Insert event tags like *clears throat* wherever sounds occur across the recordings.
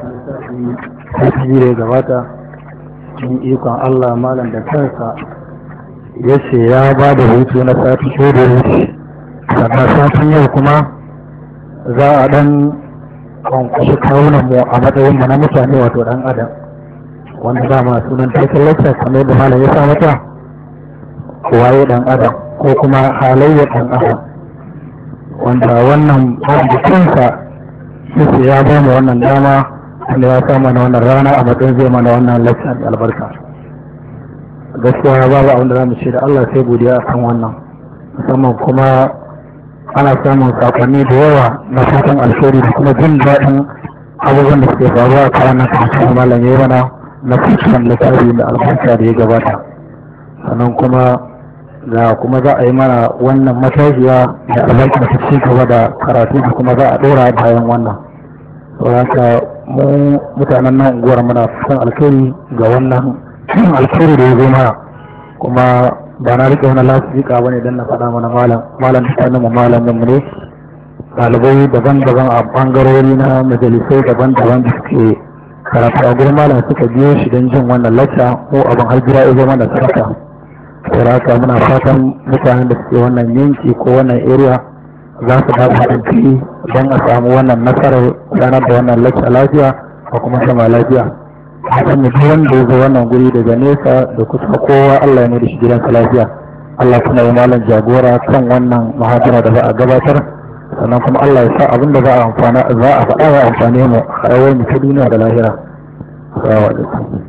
da ya gabata cikin ikon Allah malam da kansa ya ce ya ba da hutu na sati ko da wuce sannan satin yau kuma za a dan kwankwashi kawunan mu a matsayin mu na mutane wato dan adam wanda dama sunan taikin lakta kamar da malam ya sa mata waye dan adam ko kuma halayyar dan adam wanda wannan da kansa ya ba mu wannan dama Allah ya sa mana wannan rana a matsayin zai mana wannan lakcin da albarka gaskiya babu abin da za mu ce da Allah sai godiya a kan wannan musamman kuma ana samun sakonni da yawa na fatan alheri da kuma jin daɗin abubuwan da suke faruwa a karan na kamar malam ya mana na fuskan littafi da albarka da ya gabata sannan kuma da kuma za a yi mana wannan matashiya da albarkar ta ci gaba da karatu da kuma za a ɗora bayan wannan saboda mu mutanen nan unguwar muna son alkhairi ga wannan *clears throat* alkhairi da ya zo mana kuma ba na rike wani lasifika ba ne don na faɗa mana malam malam mutanen malam mu ne ɗalibai daban-daban a bangarori na majalisai daban-daban da suke karatu a gurin malam suka biyo shi don jin wannan lacca ko abin har ya zo mana saraka saboda raka muna fatan mutanen da suke wannan yanki ko wannan area za su ba da ciki don a samu wannan nasarar ranar da wannan lacca lafiya a kuma sama lafiya haɗin duk wanda ya zo wannan guri daga nesa da kusa kowa Allah ya mai da shi gidansa lafiya Allah kuma ya malam jagora kan wannan muhadara da za a gabatar sannan kuma Allah ya sa abin da za a amfana za a faɗa amfane mu a mu ta duniya da lahira. Assalamu alaikum.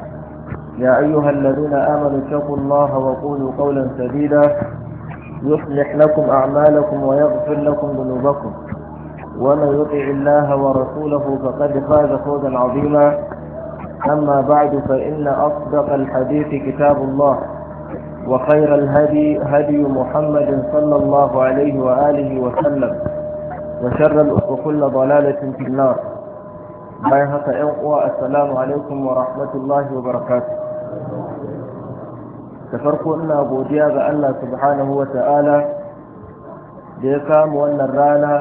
يا أيها الذين آمنوا اتقوا الله وقولوا قولا سديدا يصلح لكم أعمالكم ويغفر لكم ذنوبكم ومن يطع الله ورسوله فقد فاز فوزا عظيما أما بعد فإن أصدق الحديث كتاب الله وخير الهدي هدي محمد صلى الله عليه وآله وسلم وشر كل ضلالة في النار بايهة إنقوى السلام عليكم ورحمة الله وبركاته da farko ina godiya ga Allah subhanahu wa ta'ala da ya kama wannan rana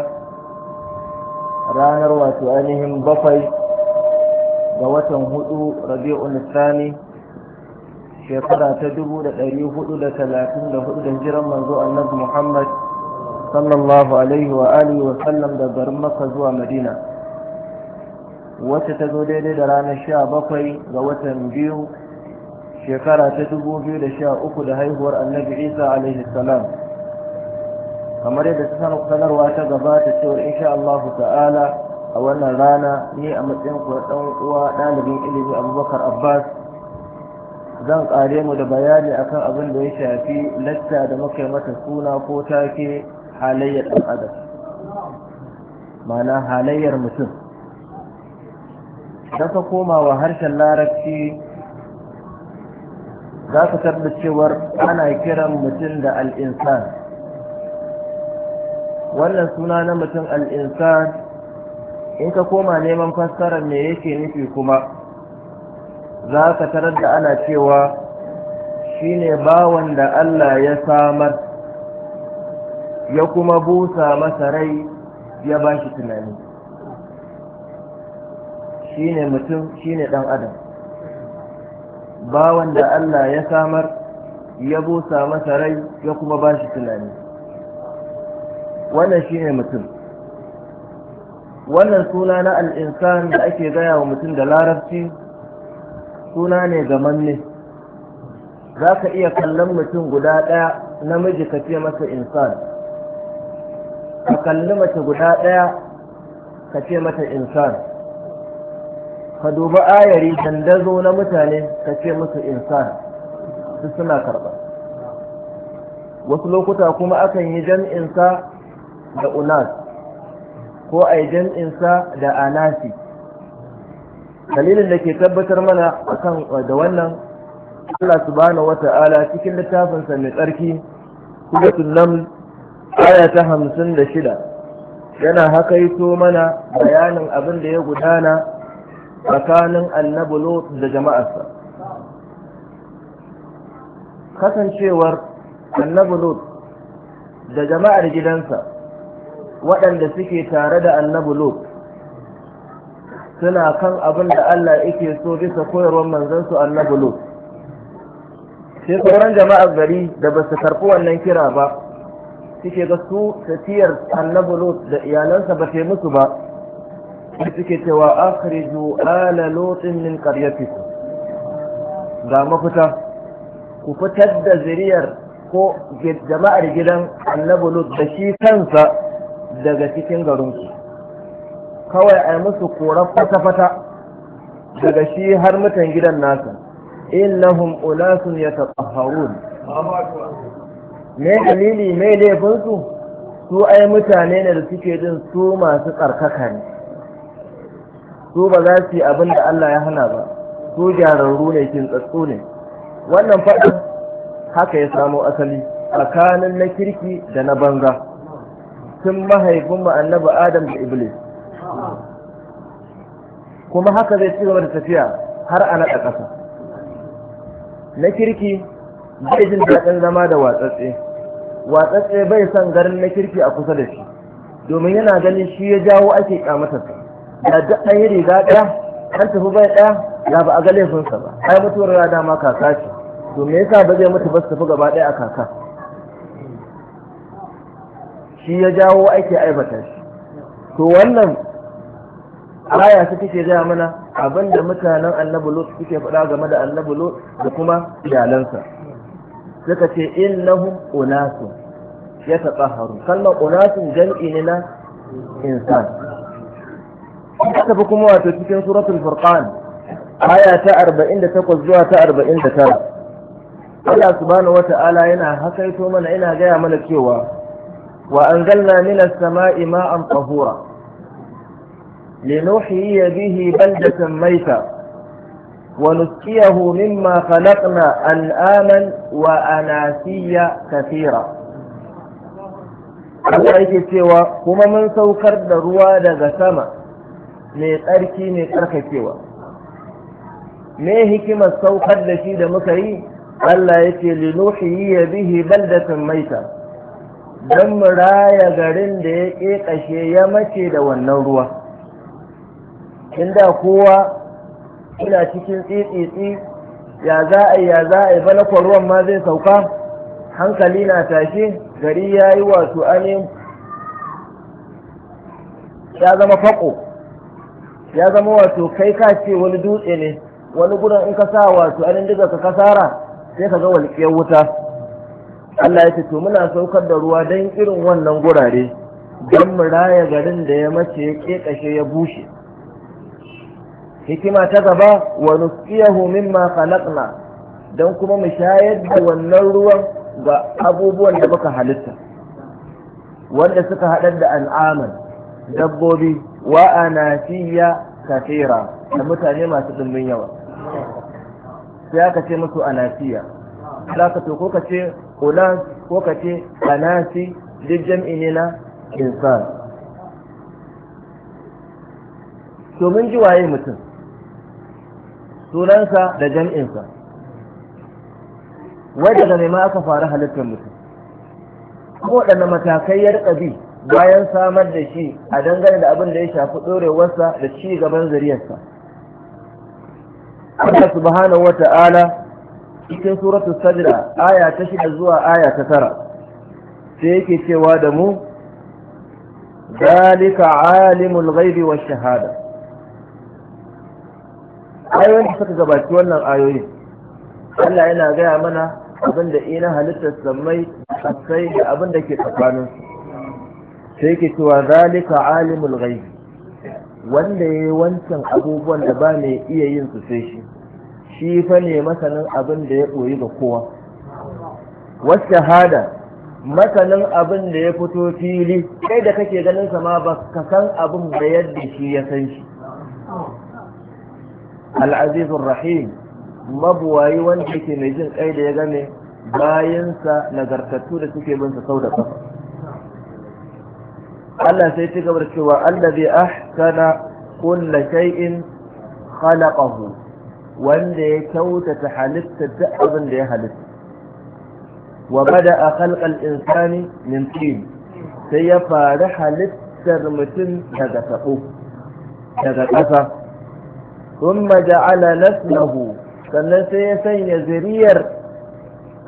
ranar wato ainihin bakwai ga watan hudu rabi'un sani shekara ta dubu da ɗari hudu da talatin da hudu da jiran manzo annabi muhammad sallallahu alaihi wa alihi wa sallam da garin maka zuwa madina wacce ta zo daidai da ranar sha bakwai ga watan biyu shekara ta dubu biyu da sha uku da haihuwar annabi isa alaihi salam kamar yadda ta sanarwa ta gaba ta cewa insha allahu ta'ala a wannan rana ni a matsayin da ɗan uwa ɗalibin ilimi abubakar abbas zan ƙare mu da bayani akan abin da ya shafi latta da muka mata suna ko take halayyar ɗan adam ma'ana halayyar mutum koma wa harshen larabci za ka tarda cewar ana kiran mutum da al'insan wannan suna na mutum al'insan in ka koma neman fassarar me yake nufi kuma za ka tarar da ana cewa shi ne bawan da Allah ya samar ya kuma busa masa rai ya ba shi tunani Shi ne mutum shi ne ɗan adam bawan da Allah ya samar ya busa masa rai ya kuma ba shi tunani wannan shi ne mutum wannan suna na al'insan da ake gaya wa mutum da larabci suna ne ga manne za ka iya kallon mutum guda ɗaya namiji ka ce masa insan ka kalli mace guda ɗaya ka ce mata insan ka dubi ayari dandazo na mutane ka ce musu insan su suna karɓa wasu lokuta kuma akan yi jam'insa da unas ko a yi jam'insa da anasi dalilin da ke tabbatar mana akan da wannan Allah subhanahu wata'ala cikin littafinsa mai tsarki suratul sunan aya ta hamsin da shida yana hakaito mana bayanin abin da ya gudana tsakanin annabi lot da jama'arsa kasancewar annabi lot da jama'ar gidansa waɗanda suke tare da annabi lot suna kan abin da Allah yake so bisa koyarwar manzansu annabi lot sai sauran jama'ar gari da ba su karɓi wannan kira ba suke ga su tafiyar annabi lot da iyalansa ba ta musu ba da suke cewa akhriju ala lotin min qaryatikum ga mafita ku fitar da zuriyar ko jama'ar gidan annabi lut da shi kansa daga cikin garinku kawai a musu korar fata-fata daga shi har mutan gidan nasa innahum ulasun yatahharun me dalili mai laifinsu su ai mutane ne da suke jin su masu tsarkaka ne su ba za su yi abin da Allah ya hana ba su gyararru ne kin tsatsu ne wannan faɗin haka ya samo asali tsakanin na kirki da na banza tun mahaifin mu annabi Adam da Iblis kuma haka zai ci gaba da tafiya har a naɗa ƙasa na kirki bai jin daɗin zama da watsatse watsatse bai son garin na kirki a kusa da shi domin yana ganin shi ya jawo ake ƙyamatarsa ya duk an yi riga ɗaya an tafi bai ɗaya ya ba a ga laifinsa ba ai mutuwar ya dama kaka ce to me yasa ba zai mutu ba su tafi gaba ɗaya a kaka shi ya jawo ake aibata shi to wannan aya su kake gaya mana abin da mutanen annabi lot suke faɗa game da annabi da kuma iyalansa suka ce innahum unasun ya taɓa haru kalmar unasun jam'i ne na insan تفكم واتو سورة الفرقان آية تعرب إن تقوز جوا تعرب إن تر الله سبحانه وتعالى إنا هكيت من إنا جاء من الكيوة وأنزلنا من السماء ماء طهورا لنحيي به بلدة ميتة ونسقيه مما خلقنا أنعاما وأناسيا كثيرا الله يكتب سوى كما من سوكر دروا دغ سما mai tsarki mai tsarkakewa me hikimar saukar da shi da muka yi Allah ya ce linuhi ya bihi baldatan maita don mu garin da ya ƙeƙashe ya mace da wannan ruwa inda kowa ina cikin tsitsitsi ya za a ya za a bala ruwan ma zai sauka hankali na tashi gari ya yi wasu anin ya zama faƙo ya zama wato kai ka ce wani dutse ne wani gurin in ka sa wato anin diga ka kasara sai ka ga walƙiyar wuta Allah ya ce to muna saukar da ruwa don irin wannan gurare don mu raya garin da ya mace ya ƙeƙashe ya bushe hikima ta gaba wa nusqiyahu mimma khalaqna don kuma mu shayar da wannan ruwan ga abubuwan da muka halitta wanda suka haɗar da al'aman dabbobi wa anasiya kafira da mutane masu dumbin yawa sai aka ce musu anasiya za ka to ko ka ce ulas ko ka ce anasi duk jam'i ne na insan to mun ji waye mutum sunansa da jam'insa wadda da ma aka fara halittar mutum ko waɗanne matakai ya rika bi bayan samar da shi a dangane da abin da ya shafi ɗorewarsa da ci gaban zuriyarsa Allah subhanahu wa ta'ala cikin suratul sajda aya ta shida zuwa aya ta tara sai yake cewa da mu zalika alimul ghaibi wash shahada ayoyin da suka gabaci wannan ayoyin. Allah yana gaya mana abin da ina halittar samai sai da abin da ke tsakaninsu sai ke cewa zalika alimul ghaibi wanda ya yi wancan abubuwan da ba mai iya yin su sai shi shi fa ne masanin abin da ya koyi ga kowa wasu shahada masanin abin da ya fito fili kai da kake ganin sa ma ba ka san abin da yadda shi ya san shi al'azizur rahim mabuwayi wanda yake mai jin kai da ya game bayansa nagartattu da suke bin sa sau da kafa Allah sai ci gaba da cewa allazi ahsana kulla shay'in khalaqahu wanda ya kyautata halitta ta abin da ya halitta wa bada'a khalqal insani min tin sai ya fara halittar mutum daga tabo daga ƙasa thumma ja'ala naslahu sannan sai ya sanya zuriyar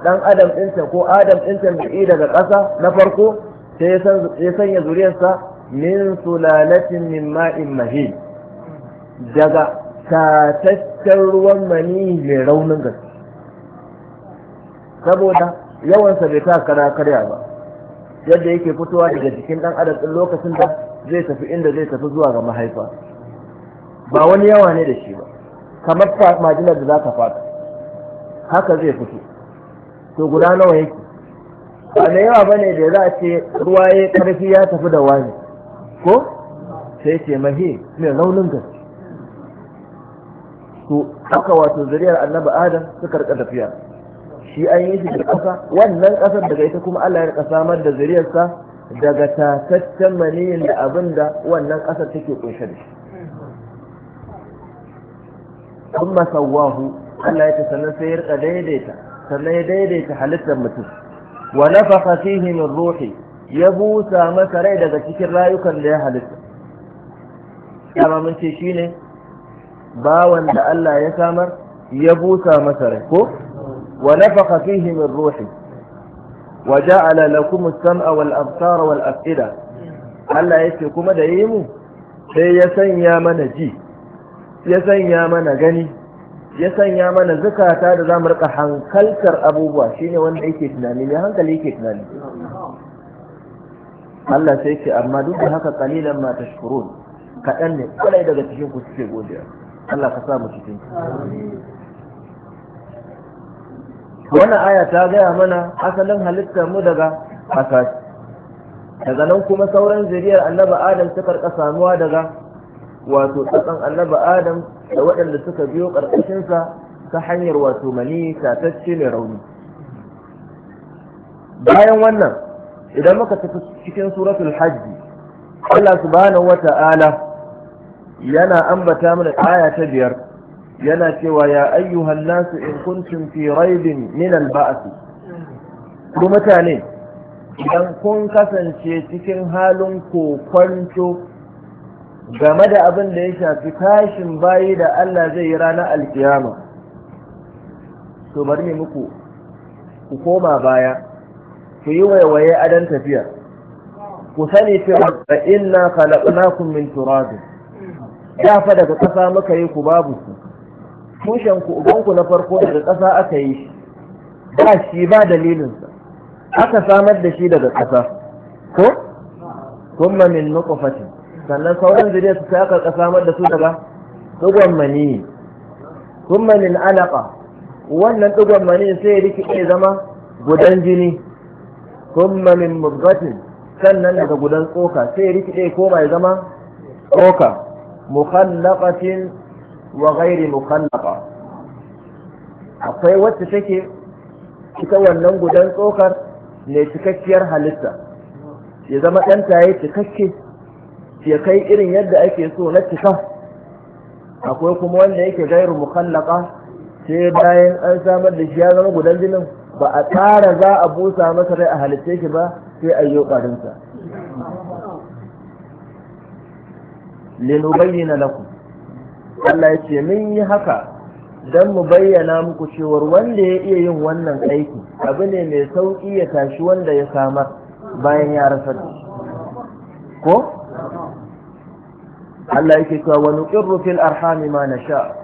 dan adam ɗinsa ko adam ɗinsa mai daga ƙasa na farko sai ya sanya zuriyarsa min sulalatin min ma'in mahin daga tataccen ruwan mani mai raunin gaske saboda yawansa bai ta kara karya ba yadda yake fitowa daga jikin ɗan adam ɗin lokacin da zai tafi inda zai tafi zuwa ga mahaifa ba wani yawa ne da shi ba kamar majinar da za ka fata haka zai fito to guda nawa yake ba da yawa bane da za a ce ruwa ya karfi ya tafi da wani ko sai ce mahi mai launin gaske to haka wato zuriyar annabi adam su karka tafiya shi an yi shi da ƙasa wannan ƙasar daga ita kuma Allah ya samar da zuriyarsa daga tataccen maniyin da abin da wannan ƙasar take kunshe da shi kuma sawahu Allah ya ta sannan sai ya daidaita sannan ya daidaita halittar mutum wa nafakha fihi min ruhi ya busa masa rai daga cikin rayukan da ya halitta dama mun ce shine bawan da Allah ya samar ya busa masa rai ko wa nafakha fihi min ruhi wa ja'ala lakum as-sam'a wal absara wal af'ida Allah ya ce kuma da yi mu sai ya sanya mana ji ya sanya mana gani ya sanya mana zukata da za mu rika hankaltar abubuwa shine wanda yake tunani mai hankali yake tunani Allah sai ce amma duk da haka kalilan ma tashkurun kaɗan ne kwalai daga cikin ku suke godiya Allah ka sa mu cikin wannan aya ta gaya mana asalin halittar mu daga ƙasa daga nan kuma sauran zuriyar annabi adam suka rika samuwa daga wato tsatsan annaba adam da waɗanda suka biyo ƙarƙashinsa ta hanyar wato mani tatacce mai rauni bayan wannan idan muka tafi cikin suratul hajji Allah subhanahu 'Ala, yana ambata mana aya ta biyar yana cewa ya ayyuhan nasu in kuntum fi raibin min al ku mutane idan kun kasance cikin halin kokwanto game da abin da ya shafi tashin bayi da Allah zai yi ranar alkiyama to bari ne muku ku koma baya ku yi waiwaye dan tafiya ku sani cewa da inna khalaqnakum min turab ya fa daga ƙasa muka yi ku babu ku tushen ku ubanku na farko daga ƙasa aka yi shi ba shi ba dalilinsa aka samar da shi daga ƙasa ko kuma min nutfatin sannan sauran zuriya su saka ka samar da su daga digon mani kuma min alaƙa. wannan digon mani sai rikide zama gudan jini kuma min mubgatin sannan daga gudan tsoka sai rikide koma ya zama tsoka mukhallaqatin wa ghairi mukhallaqa akwai wacce take cika wannan gudan tsokar ne cikakkiyar halitta ya zama ɗanta ya cikakke ya kai irin yadda ake so na cika akwai kuma wanda yake gairu mukallaka sai bayan an samar da shi ya zama gudan jinin ba a tsara za a busa masa rai a halitta shi ba sai a yi ƙarinsa na lakum Allah ya ce mun yi haka don mu bayyana muku cewar wanda ya iya yin wannan aiki abu ne mai sauƙi ya tashi wanda ya samar bayan ya rasa ko Allah yake cewa wa nuqirru fil arhami ma nasha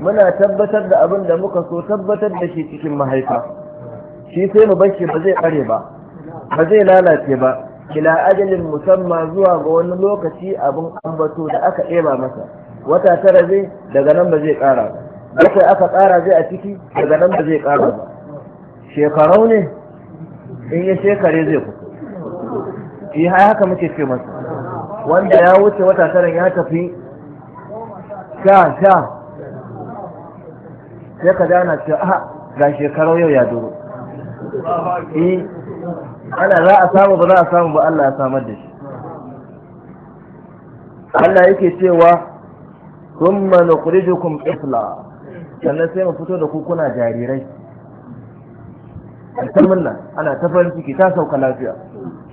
muna tabbatar da abin da muka so tabbatar da shi cikin mahaifa shi sai mu bashi ba zai kare ba ba zai lalace ba ila ajalin musamman zuwa ga wani lokaci abin ambato da aka ɗeba masa wata tara zai daga nan ba zai ƙara ba wata aka ƙara zai a ciki daga nan ba zai ƙara ba shekarau ne in ya shekare zai fito shi eh, haka muke ce masa wanda ya wuce wata tara ya tafi sha sha sai ka dana ce a ga shekaru yau ya duro eh ana za a samu ba za a samu ba Allah ya samar da shi Allah yake cewa thumma nukhrijukum ifla sannan sai mu fito da ku kuna jarirai kalmin nan ana ta farin ciki ta sauka lafiya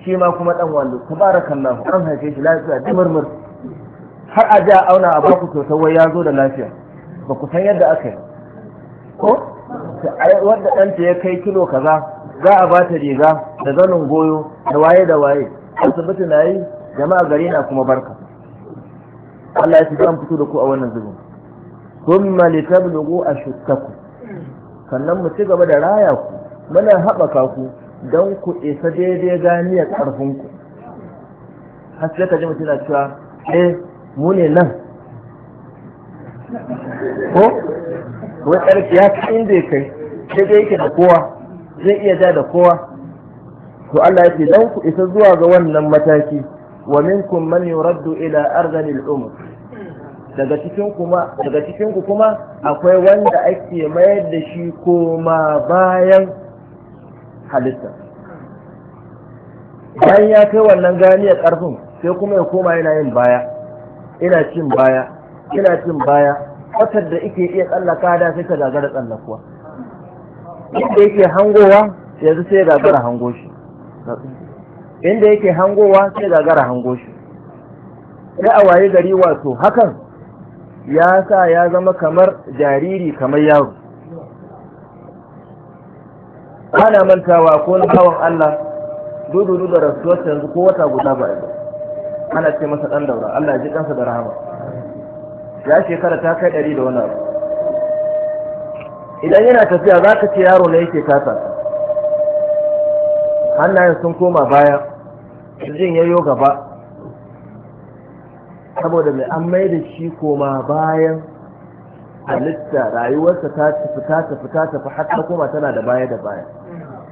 shi ma kuma dan wallo tabarakallahu an haife shi lafiya da murmur har a ja auna a baku to wai ya zo da lafiya ba ku san yadda aka yi ko wanda ta ya kai kilo kaza za a ba ta riga da zanin goyo da waye da waye asibiti na yi jama'a gari na kuma barka Allah ya fi an fito da ku a wannan zubin thumma litablugu ashukkakum sannan mu ci gaba da raya ku muna haɓaka ku don ku isa daidai ganiyar ƙarfinku har sai ka ji mutum na cewa eh mu ne nan ko wani ƙarfi ya kai inda ya kai daidai yake da kowa zai iya ja da kowa to Allah ya ce don ku isa zuwa ga wannan mataki wa minkum man yuraddu ila ardhil umr daga cikin kuma daga cikin ku kuma akwai wanda ake mayar da shi koma bayan halitta bayan ya kai wannan ganiyar ƙarfin sai kuma ya koma yana yin baya ina cin baya ina cin baya kwatar da ike iya tsallaka da sai ta gagara tsallakuwa inda yake hangowa yanzu sai gagara hango shi inda yake hangowa sai gagara hango shi sai a waye gari wato hakan ya sa ya zama kamar jariri kamar yaro ana mantawa ko na bawan Allah dudu dudu da yanzu ko wata guda ba yanzu ana ce masa dan daura Allah ji kansa da rahama ya shekara ta kai ɗari da wani abu idan yana tafiya za ka ce yaro ne yake kasa hannayen sun koma baya jin yayo gaba saboda mai an mai da shi koma bayan halitta rayuwarsa ta tafi ta tafi ta tafi har ta koma tana da baya da baya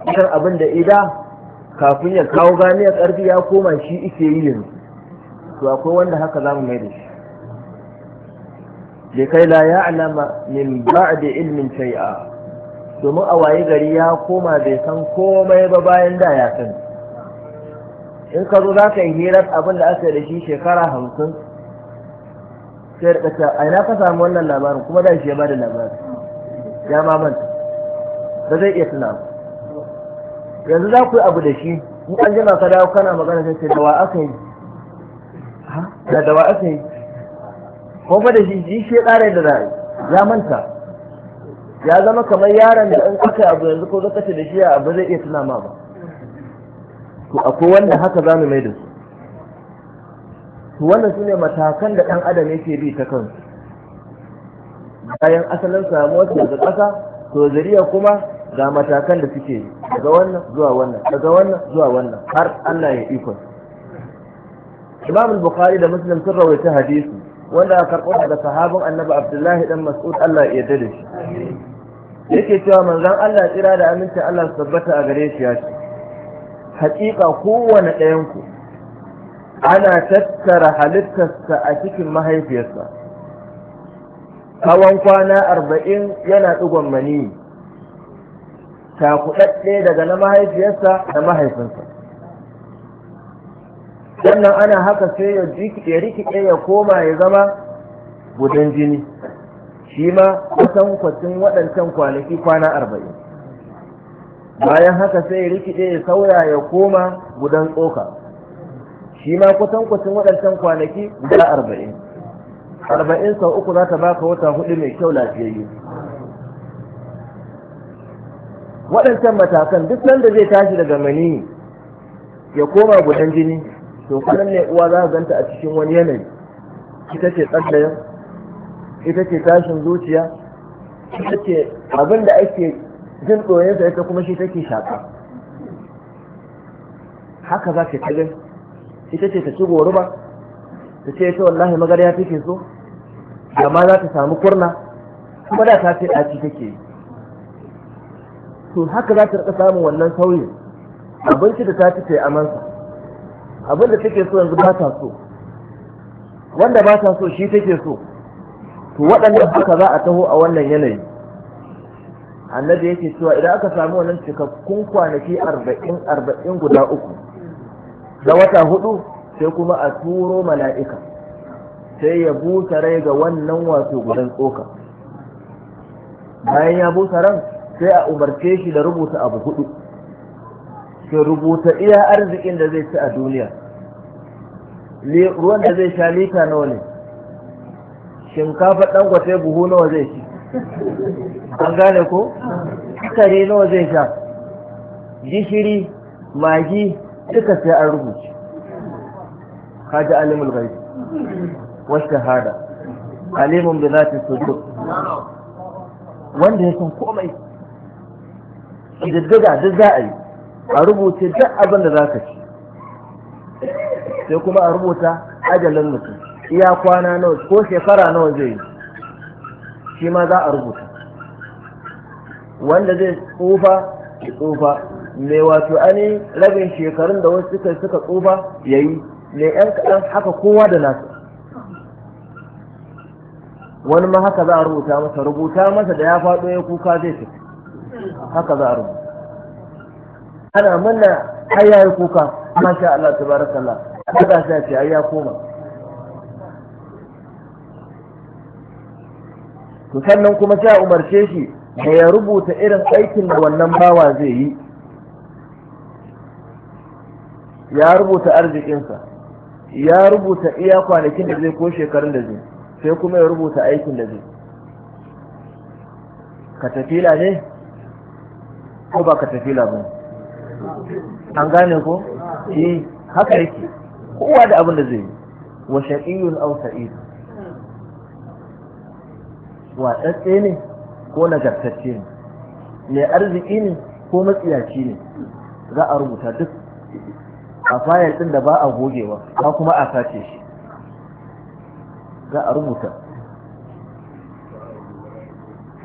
irin abin da ida kafin ya kawo gani ya karfi ya koma shi ike yi yanzu to akwai wanda haka za mu mai da shi da kai la ya alama min ba'da ilmin shay'a domin a waye gari ya koma bai san komai ba bayan da ya san. in ka zo za ka yi hirar abin da aka yi da shi shekara hamsin sai da ta a ka samu wannan labarin kuma da shi ya ba da labarin ya mamanta ba zai iya tunawa yanzu za ku yi abu da shi in an jima ka dawo kana magana sai da wa aka yi da da wa aka yi ko ba da shi shi shi tsare da rai ya manta ya zama kamar yaron da in aka abu yanzu ko zaka ce da shi abu zai iya tuna ma ba to akwai wanda haka za mu mai da su to wannan sune matakan da dan adam yake bi ta kansu bayan asalin samuwa samuwar da ƙasa to zuriya kuma ga matakan da suke daga wannan zuwa wannan daga wannan zuwa wannan har Allah ya ikon Imam Bukhari da Muslim sun rawaita hadisi wanda aka karɓo daga sahabin Annabi Abdullahi dan Mas'ud Allah ya yarda da shi yake cewa manzon Allah tsira da aminci Allah su tabbata a gare shi ya ce hakika kowane ɗayan ku ana tattara halittarsa a cikin mahaifiyarsa hawan kwana arba'in yana ɗigon maniyi cakuɗaɗɗe daga na mahaifiyarsa da mahaifinsa sannan ana haka sai ya rikide rikide ya koma ya zama gudan jini shi ma kusan kwacin waɗancan kwanaki kwana arba'in bayan haka sai ya rikide ya sauya ya koma gudan tsoka shi ma kusan kwacin waɗancan kwanaki guda arba'in arba'in sau uku za ta baka wata hudu mai kyau lafiyayyu waɗancan matakan duk nan da zai tashi daga mani ya koma gudan jini to kwanan ne uwa za ka ganta a cikin wani yanayi ita ce tsallayen ita ce tashin zuciya ita ce abin da ake jin ɗoyinsa ita kuma shi take shaƙa haka za ka kalin ita ce ta ci goruba ta ce ita wallahi magarya take so amma za ta samu kurna kuma da ta ce ɗaci take yi to haka za ta rika samun wannan sauyin abinci da ta ci amansa abin da take so yanzu ba ta so wanda ba ta so shi take so to waɗannan haka za a taho a wannan yanayi annabi yake cewa idan aka samu wannan cikakkun kwanaki arba'in arba'in guda uku da wata hudu sai kuma a turo mala'ika sai ya busa rai ga wannan wato gudan tsoka bayan ya busa ran sai a umarce shi da rubuta abu hudu ke rubuta iya arzikin da zai ci a duniya ruwan da zai sha lita nawa ne shinkafa kwatai buhu nawa zai ci an gane ko kare nawa zai sha gishiri magi duka sai an rubuce kaji alimul gaibi wasu hada? alimun bi za sudur wanda ya san komai Diddiga duk za a yi a rubuce duk abin da za ka ci sai kuma a rubuta ajalin mutum iya kwana nawa ko shekara nawa zai yi shi ma za a rubuta wanda zai tsufa ya tsufa mai wato ani rabin shekarun da wasu suka suka tsufa ya yi mai yan kaɗan haka kowa da nasu wani ma haka za a rubuta masa rubuta masa da ya faɗo ya kuka zai tafi haka za a rubuta ana manna har ya kuka masha Allah ta tabarakallah Allah ta ce ya koma to sannan kuma sai umarce shi da ya rubuta irin aikin da wannan bawa zai yi ya rubuta arzikinsa ya rubuta iya kwanakin da zai ko shekarun da zai sai kuma ya rubuta aikin da zai tafila ne ko ba ka tafi labu an gane ko eh haka yake kowa da abin da zai yi wa shaqiyun aw sa'id wa tsatsi ne ko nagartacce ne mai arziki ne ko matsiyaci ne za a rubuta duk a fayil din da ba a gogewa ba kuma a sace shi za a rubuta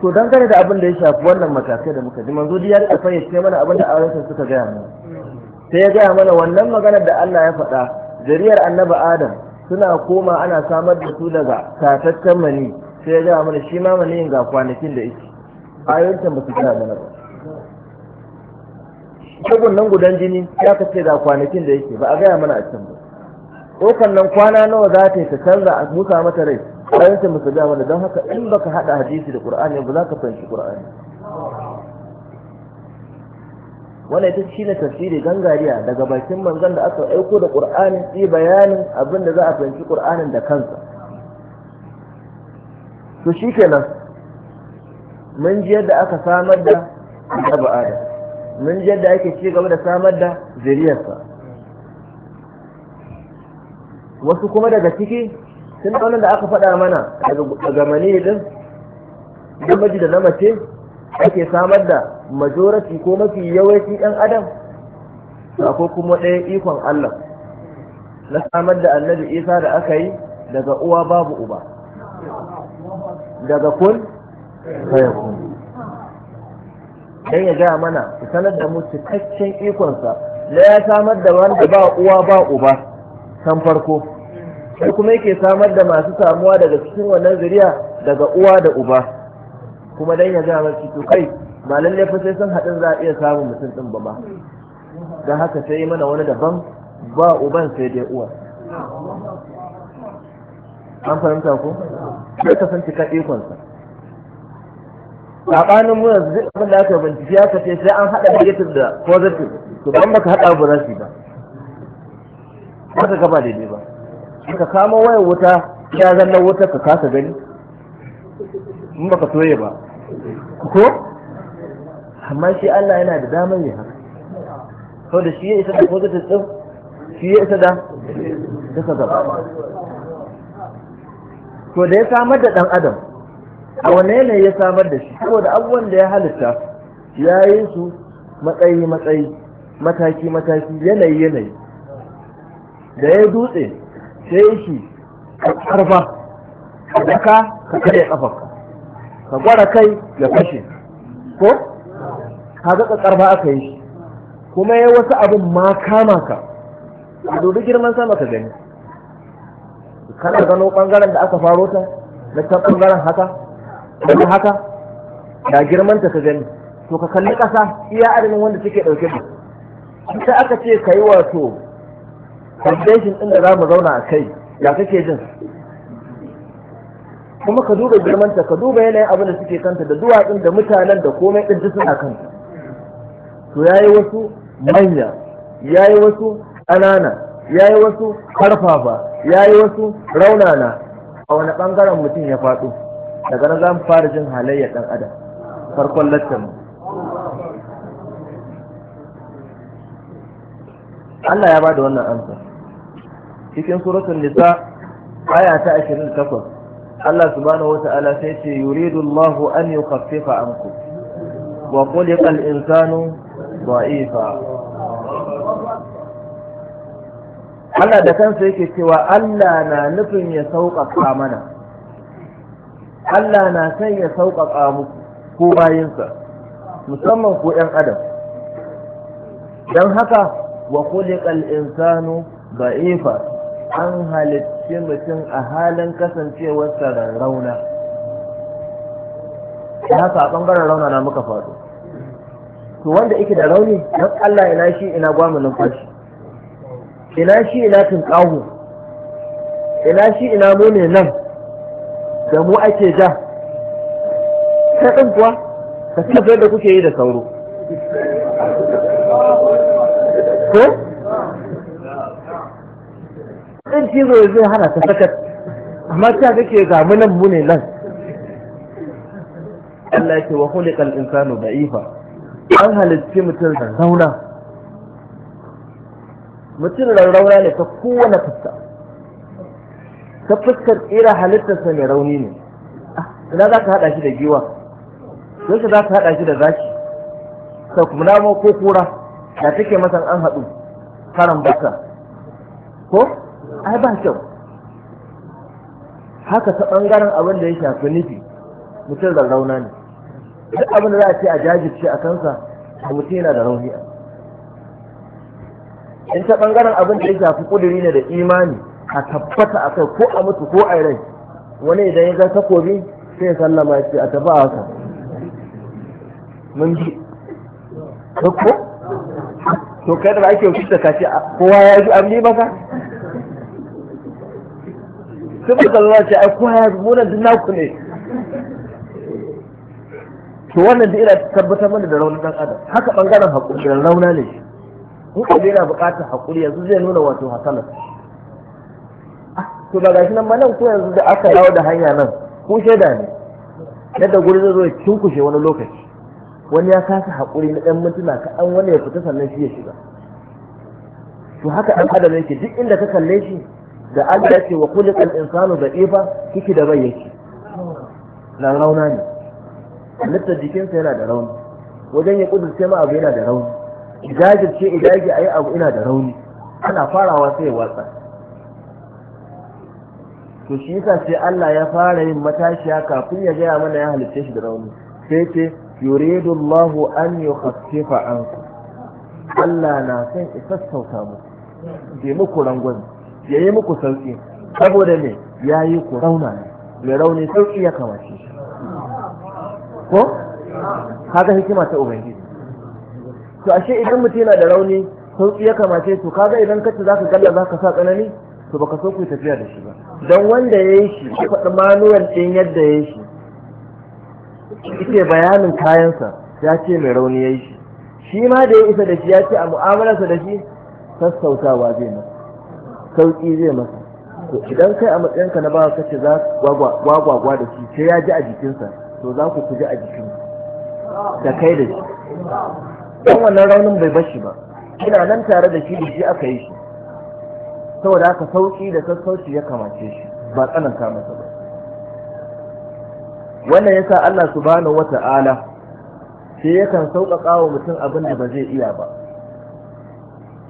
to dangane da abin da ya shafi wannan matakai da muka ji manzo ya rika fayyace mana abin da ayoyin suka gaya mana sai ya gaya mana wannan maganar da Allah ya faɗa zariyar annabi Adam suna koma ana samar da su daga tataccen mani sai ya gaya mana shi ma maniyin ga kwanakin da yake ayoyin ba su gaya mana ba nan gudan jini ya kace ga kwanakin da yake ba a gaya mana a can ba ɗaukan nan kwana nawa za ta yi ta canza a musa mata rai ayyukan musu da mana don haka in baka hada hadisi da qur'ani ba za ka fahimci qur'ani wannan ita shine tafsiri gangariya daga bakin manzon da aka aiko da qur'ani sai bayanin abin da za a fahimci qur'anin da kansa to shikenan mun ji yadda aka samar da annabi adam mun ji yadda ake ci gaba da samar da zuriyarsa wasu kuma daga ciki sun ɗaunar da aka faɗa mana daga mani din namiji da na mace ake samar da majorati ko mafi yawanci ɗan adam ko kuma ɗaya ikon Allah na samar da annabi isa da aka yi daga uwa babu uba daga kun kaya kun dan ya gaya mana ku sanar da mu cikakken ikonsa na ya samar da wanda ba uwa ba uba san farko kai kuma yake samar da masu samuwa daga cikin wannan zuriya daga uwa da uba kuma dan ya zama masu to kai ba lalle fa sai sun hadin za a iya samun mutum ɗin ba ba don haka sai mana wani daban ba uban sai dai uwa an fahimta ko sai ka san cika sa sabanin mu yanzu duk abin da aka bincike ya kace sai an haɗa negative da positive to ban baka haɗa ba za su ba haka gaba daidai ba ka kama wayar wuta ya zallar wuta ka kasa gani in baka soye ba ko amma shi Allah yana da damar yi haka sau da shi ya isa da zata tsin shi ya isa da duka gaba to da ya samar da dan adam a wane ne ya samar da shi saboda abubuwan da ya halitta ya yi su matsayi matsayi mataki mataki yanayi yanayi da ya dutse sai shi ka karfa ka daka ka kare kafarka ka gwara kai ya fashe ko ka ga karfa aka yi shi kuma ya wasu abin ma kama ka a dubi girman sama ka gani kana gano bangaren da aka faro ta na can bangaren haka daga haka da girman ta ka gani to ka kalli kasa iya adadin wanda suke dauke da ita aka ce ka wato foundation ɗin da za mu zauna a kai ya kake jin kuma ka duba girmanta ka duba yanayin abin da suke kanta da duwatsun da mutanen da komai din a kan kanta to yi wasu manya ya yi wasu ƙanana yi wasu karfafa yi wasu raunana a wani ɓangaren mutum ya faɗo daga nan za mu fara jin halayyar ɗan adam farkon lattan Allah ya ba da wannan amsa cikin suratul nisa aya ta ashirin takwas, Allah subhanahu wata'ala sai ce yuridu Allahu an yukhaffifa ankum wa khuliqa al-insanu da'ifa Allah da kansa yake cewa Allah na nufin ya sauƙaƙa mana Allah na son ya sauƙaƙa muku ko bayinsa musamman ko ƴan adam don haka wa kulikal insanu ba'ifa an halicci mutum a halin kasancewarsa rauna. da haka a ɓangaren rauna na muka faɗo to wanda yake da rauni don Allah ina shi ina gwamnan numfashi ina shi ina tunƙahu ina shi ina mu ne nan da mu ake ja ta ɗin kuwa ka tafi da kuke yi da sauro cizo zai hana ta sakat amma ta kake ga mu nan mu ne nan Allah yake wa khuliqal insanu da'ifa an halitti mutum da zauna mutum zauna ne ta kowane fuska ta fuskar tsira halittarsa ne rauni ne ah, ina za ka haɗa shi da giwa yau za ka haɗa shi da zaki ta kuma ko kura da take masa an haɗu karan baka ko ai ba kyau haka ta ɓangaren abin da ya shafi nufi mutum da rauna ne duk abin da za a ce a jajirce a kansa a mutum yana da rauni in ta ɓangaren abin da ya shafi ƙuduri ne da imani a tabbata a kai ko a mutu ko a rai wani idan ya ga takobi sai ya sallama ya ce a tafi a haka mun ji ko to kai da ake wuce ka ce kowa ya ji an bi maka sai mai zama ce ai kowa ya mu nan duk naku ne to wannan da ina tabbatar mana da raunin dan adam haka bangaren hakuri da rauna ne in ka yana buƙatar hakuri yanzu zai nuna wato hasala ah, to ba shi nan ba nan ko yanzu da aka dawo da hanya nan ko shaida ne yadda guri zai zo ya cinkushe wani lokaci wani ya kasa haƙuri na ɗan mintuna ka an wani ya fita sannan shi ya shiga to haka ɗan adam yake duk inda ka kalle shi da Allah ya ce wa kulika kal insanu da'ifa kiki da bai yake na rauna ne halittar jikinsa yana da rauni wajen ya sai ma abu yana da rauni jajirce idage a yi abu ina da rauni ana farawa sai watsa to shi yasa sai Allah ya fara yin matashiya kafin ya gaya mana ya halitta shi da rauni sai ce yuridu Allahu an yukhaffifa anku Allah na san isassauta sassauta ke muku rangwani ya yi muku sauƙi, saboda me ya yi ku rauna ne mai rauni sauƙi ya kamace ko kaga hikima ta ubangiji to ashe idan mutum yana da rauni sauƙi ya kamace to kaga idan kace zaka galla zaka sa tsanani to baka so ku tafiya da shi ba dan wanda ya yi shi ya faɗi manuwar ɗin yadda ya yi shi ita bayanin kayansa ya ce mai rauni ya yi shi shi ma da ya isa da shi ya ce a mu'amalarsa da shi sassautawa zai nasu sauki zai masa to idan kai a matsayinka na bawa kace za gwagwa da shi sai ya ji a jikinsa to za ku kuji a jikin da kai da shi dan wannan raunin bai bashi ba ina nan tare da shi da shi aka yi shi saboda haka sauki da sassauci ya kamace shi ba tsananta masa ba wannan yasa Allah subhanahu wata'ala sai yakan sauƙaƙa wa mutum abin da ba zai iya ba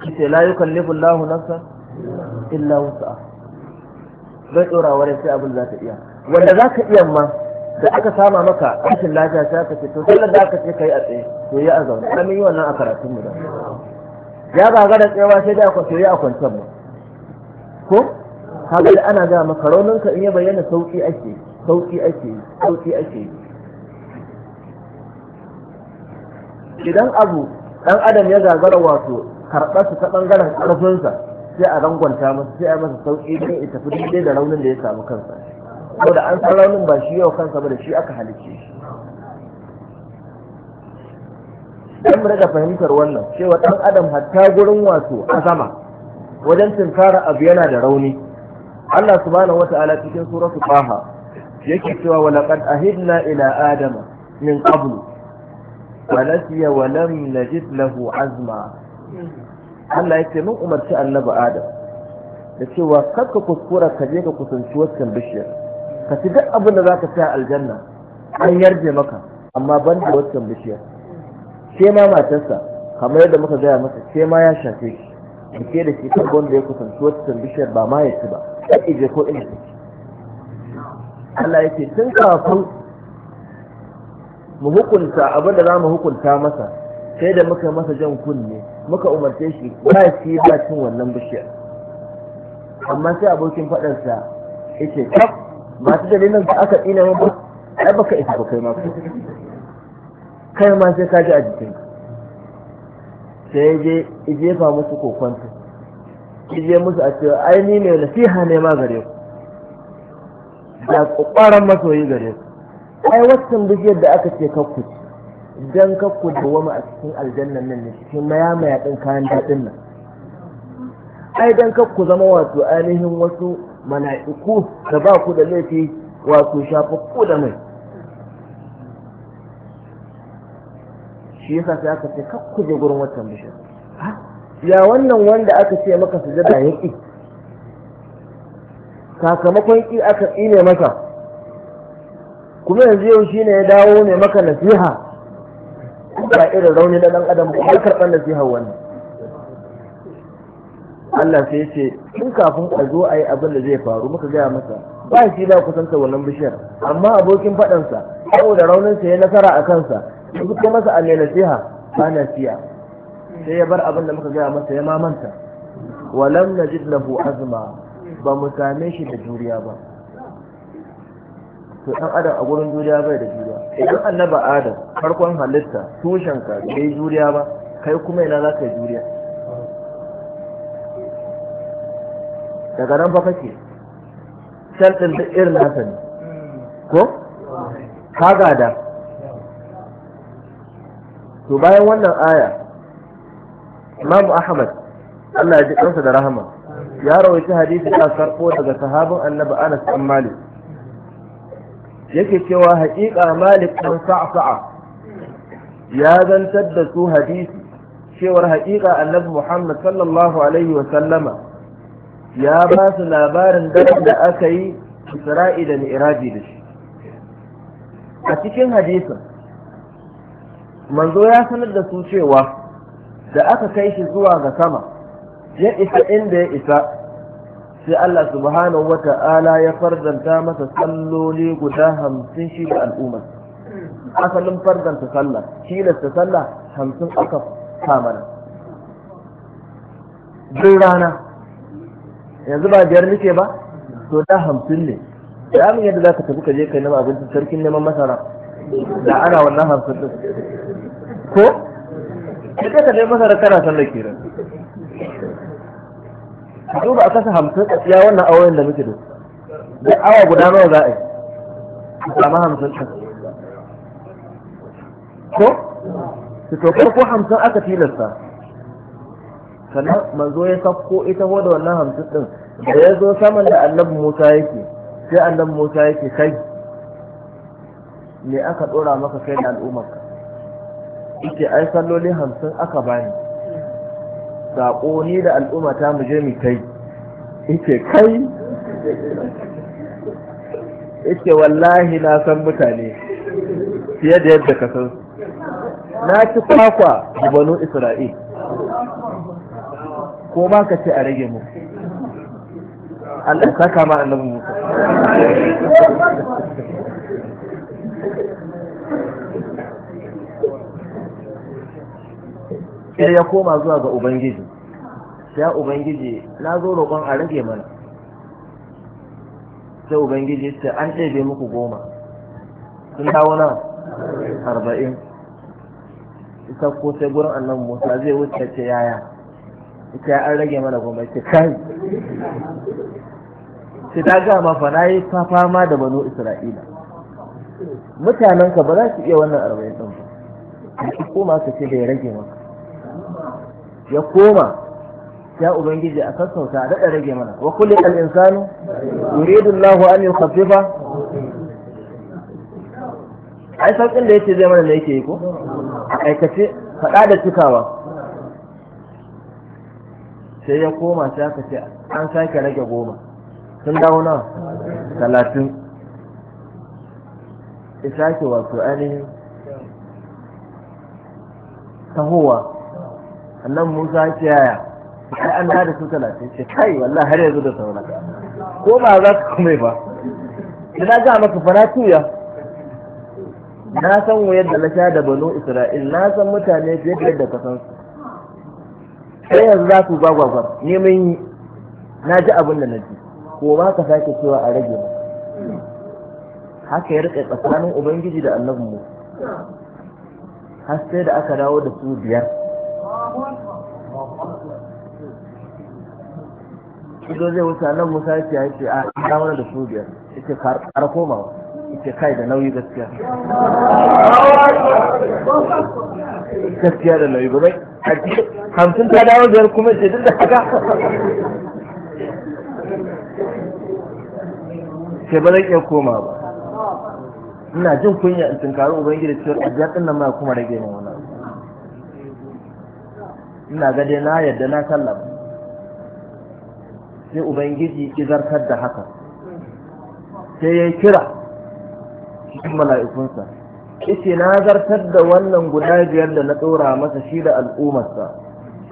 kace la yukallifu Allahu nafsan illa wusa bai dora rai sai abin za ta iya wanda za ka iya ma da aka sama maka rashin lafiya sai aka ce to sallar da aka ce kai a tsaye to yi a zaune dan yi wannan a karatun mu da ya da tsayawa sai da aka to yi a kwanton mu ko haka da ana ga maka raunin ka in ya bayyana sauki ake sauki ake sauki ake idan abu dan adam ya gagara wato karɓar su ta ɓangaren ƙarfinsa sai a rangwanta masa sai a masa sauƙi don ya tafi daidai da raunin da ya samu kansa ko da an san raunin ba shi yau kansa ba da shi aka halicce shi dan mu daga fahimtar wannan cewa dan adam hatta gurin wato azama wajen tunkara abu yana da rauni Allah subhanahu wata'ala cikin suratul Taha yake cewa wa laqad ahidna Ina adama min qablu wa nasiya wa lam najid lahu azma Allah ya ce mun umarci annabi Adam da cewa karka kuskura ka je ka kusanci wancan bishiyar ka ci duk abin da zaka ci a aljanna an yarje maka amma ban da wancan bishiyar ke ma matarsa kamar yadda muka gaya masa ke ma ya shafe shi da ke da shi kan wanda ya kusanci wancan bishiyar ba ma ya ci ba ya ije ko ina take Allah ya ce tun kafin mu hukunta abin da za mu hukunta masa sai da muka masa jan kunne muka umarce shi ba shi ba cin wannan bishiyar amma sai abokin faɗarsa ya ce kaf masu dalilin da aka tsina mai ba ai baka isa ba kai ma kai ma sai ka ji a jikin sai je jefa musu kokonta Ije musu a cewa ai ni ne nasiha ne ma gare ku da kwakwaran masoyi gare ku ai wasu bishiyar da aka ce kakkuci Idan ka da wama a cikin aljannan nan ne cikin maya-maya ɗin kayan daɗin nan ai dan ka ku zama wato ainihin wasu mala'iku da ba ku da laifi wato shafaffu da mai shi yasa sai aka ce kakku ku je gurin wancan bishiyar ya wannan wanda aka ce maka jada ya ƙi sakamakon ƙi aka ƙi ne maka kuma yanzu yau ne ya dawo ne maka nasiha ba irin rauni na dan adam kuma karɓar nasiha wannan Allah sai ce tun kafin a zo a yi abin da zai faru muka gaya masa ba shi da kusanta wannan bishiyar amma abokin faɗansa saboda rauninsa ya nasara a kansa yanzu ko masa a nasiha ba nasiha sai ya bar abin da muka gaya masa ya mamanta walam najid lahu azma ba mu same shi da juriya ba to ɗan adam a gurin juriya bai da juriya idan annaba adam farkon halitta tushen ka bai juriya ba kai kuma ina za ka yi juriya daga nan ba kake sharɗin da irin nasa ne ko ka gada to bayan wannan aya imamu ahmad Allah ya ji ɗansa da rahama ya rawaita hadisi a karɓo daga sahabin annabi anas dan malik yake cewa haƙiƙa malik ɗan sa'a ya zantar da su hadisi cewar haƙiƙa annabi muhammad sallallahu alaihi wa sallama ya ba su labarin daren da aka yi isra'i da mi'raji da shi a cikin hadisin manzo ya sanar da su cewa da aka kai shi zuwa ga sama ya isa inda ya isa sai Allah subhanahu ta'ala ya farzanta masa salloli guda hamsin shi da al'ummar asalin farzanta sallah shi ta sallah hamsin aka kamana duk rana yanzu ba biyar nake ba to da hamsin ne da amin yadda za ka tafi ka je kai nema abinci sarkin neman masara da ana wannan hamsin din ko sai ka tafi masara kana sallar kiran ka duba a kasa hamsin a tsiya wannan auren da muke da da awa guda nawa za a yi a samu hamsin ɗin ko su tokar ko hamsin aka tilasta sannan manzo ya sako ita ko da wannan hamsin ɗin da ya zo saman da annabi musa yake sai annabi musa yake kai me aka ɗora maka kai da al'ummarka ita ai salloli hamsin aka bani saƙo ni da al'umma ta mu je mu kai yake kai yake wallahi na san mutane fiye da yadda ka san na ci kwakwa da banu isra'il ko ma ka ce a rage mu Allah saka ma annabi Musa sai ya koma zuwa ga Ubangiji ya ubangiji na zo roƙon a rage mana sai ubangiji sai an ɗebe muku goma sun dawo na arba'in ita ko sai gurin annan musa zai wuce ce yaya ita ya an rage mana goma ce kai sai ta ga ma fa nayi fama da banu isra'ila mutanen ka ba za su iya wannan arba'in ɗin ba ki koma ka ce bai rage maka ya koma ya ubangiji a sassauta daɗa rage mana wa kulli al insani yuridu Allahu an yukhaffifa ai sauƙin da yake zai mana ne yake yi ko a aikace faɗa da cikawa sai ya koma sai aka ce an sake rage goma sun dawo na talatin ya sake wato ainihin tahowa annan musa ce yaya sai an da su talatin ce kai har yanzu da sauran ko ba za ka kuma ba ina ga maka fanatiya na san yadda na sha da banu isra'il na san mutane fiye da yadda ka san su sai yanzu za su ba gwagwar neman yi na ji abin da na ji ko ba ka sake cewa a rage ba haka ya rike tsakanin ubangiji da annabi mu har sai da aka dawo da su biyar ido zai wuce nan musa ya ce ya ce a ina da su biyar ya ce kar koma ya ce kai da nauyi gaskiya gaskiya da nauyi ba bai hamsin ta dawo biyar kuma ce duk da haka Ke ba zan iya koma ba ina jin kunya in tunkari ubangiji cewa a jiya ɗin nan ma kuma rage min wannan ina gade na yadda na kallaba sai ubangiji izartar da haka sai ya kira cikin mala'ikunsa yace na zartar da wannan guda biyar da na tsora masa shi da al'ummarsa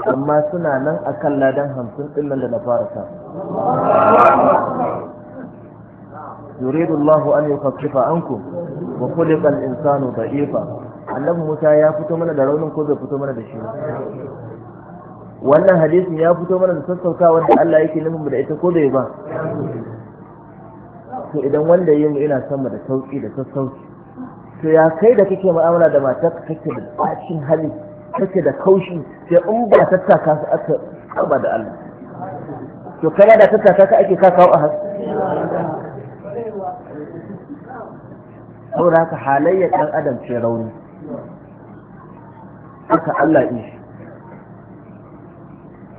amma suna nan a kan ladan hamsin ɗinnan da na fara sa yuridu Allahu an yukaffifa ankum wa khuliqa al-insanu annabi Musa ya fito mana da raunin ko zai fito mana da shi wannan hadisin ya fito mana da sassaukawa da Allah yake nufin mu da ita ko bai ba to idan wanda ya mu ina sama da sauki da sassauci to ya kai da kake mu'amala da matar kake da bacin hali kake da kaushi sai in ba tattaka su aka kaba da Allah to kana da tattaka ka ake ka kawo a hasu saboda haka halayyar ɗan adam ce rauni haka Allah yi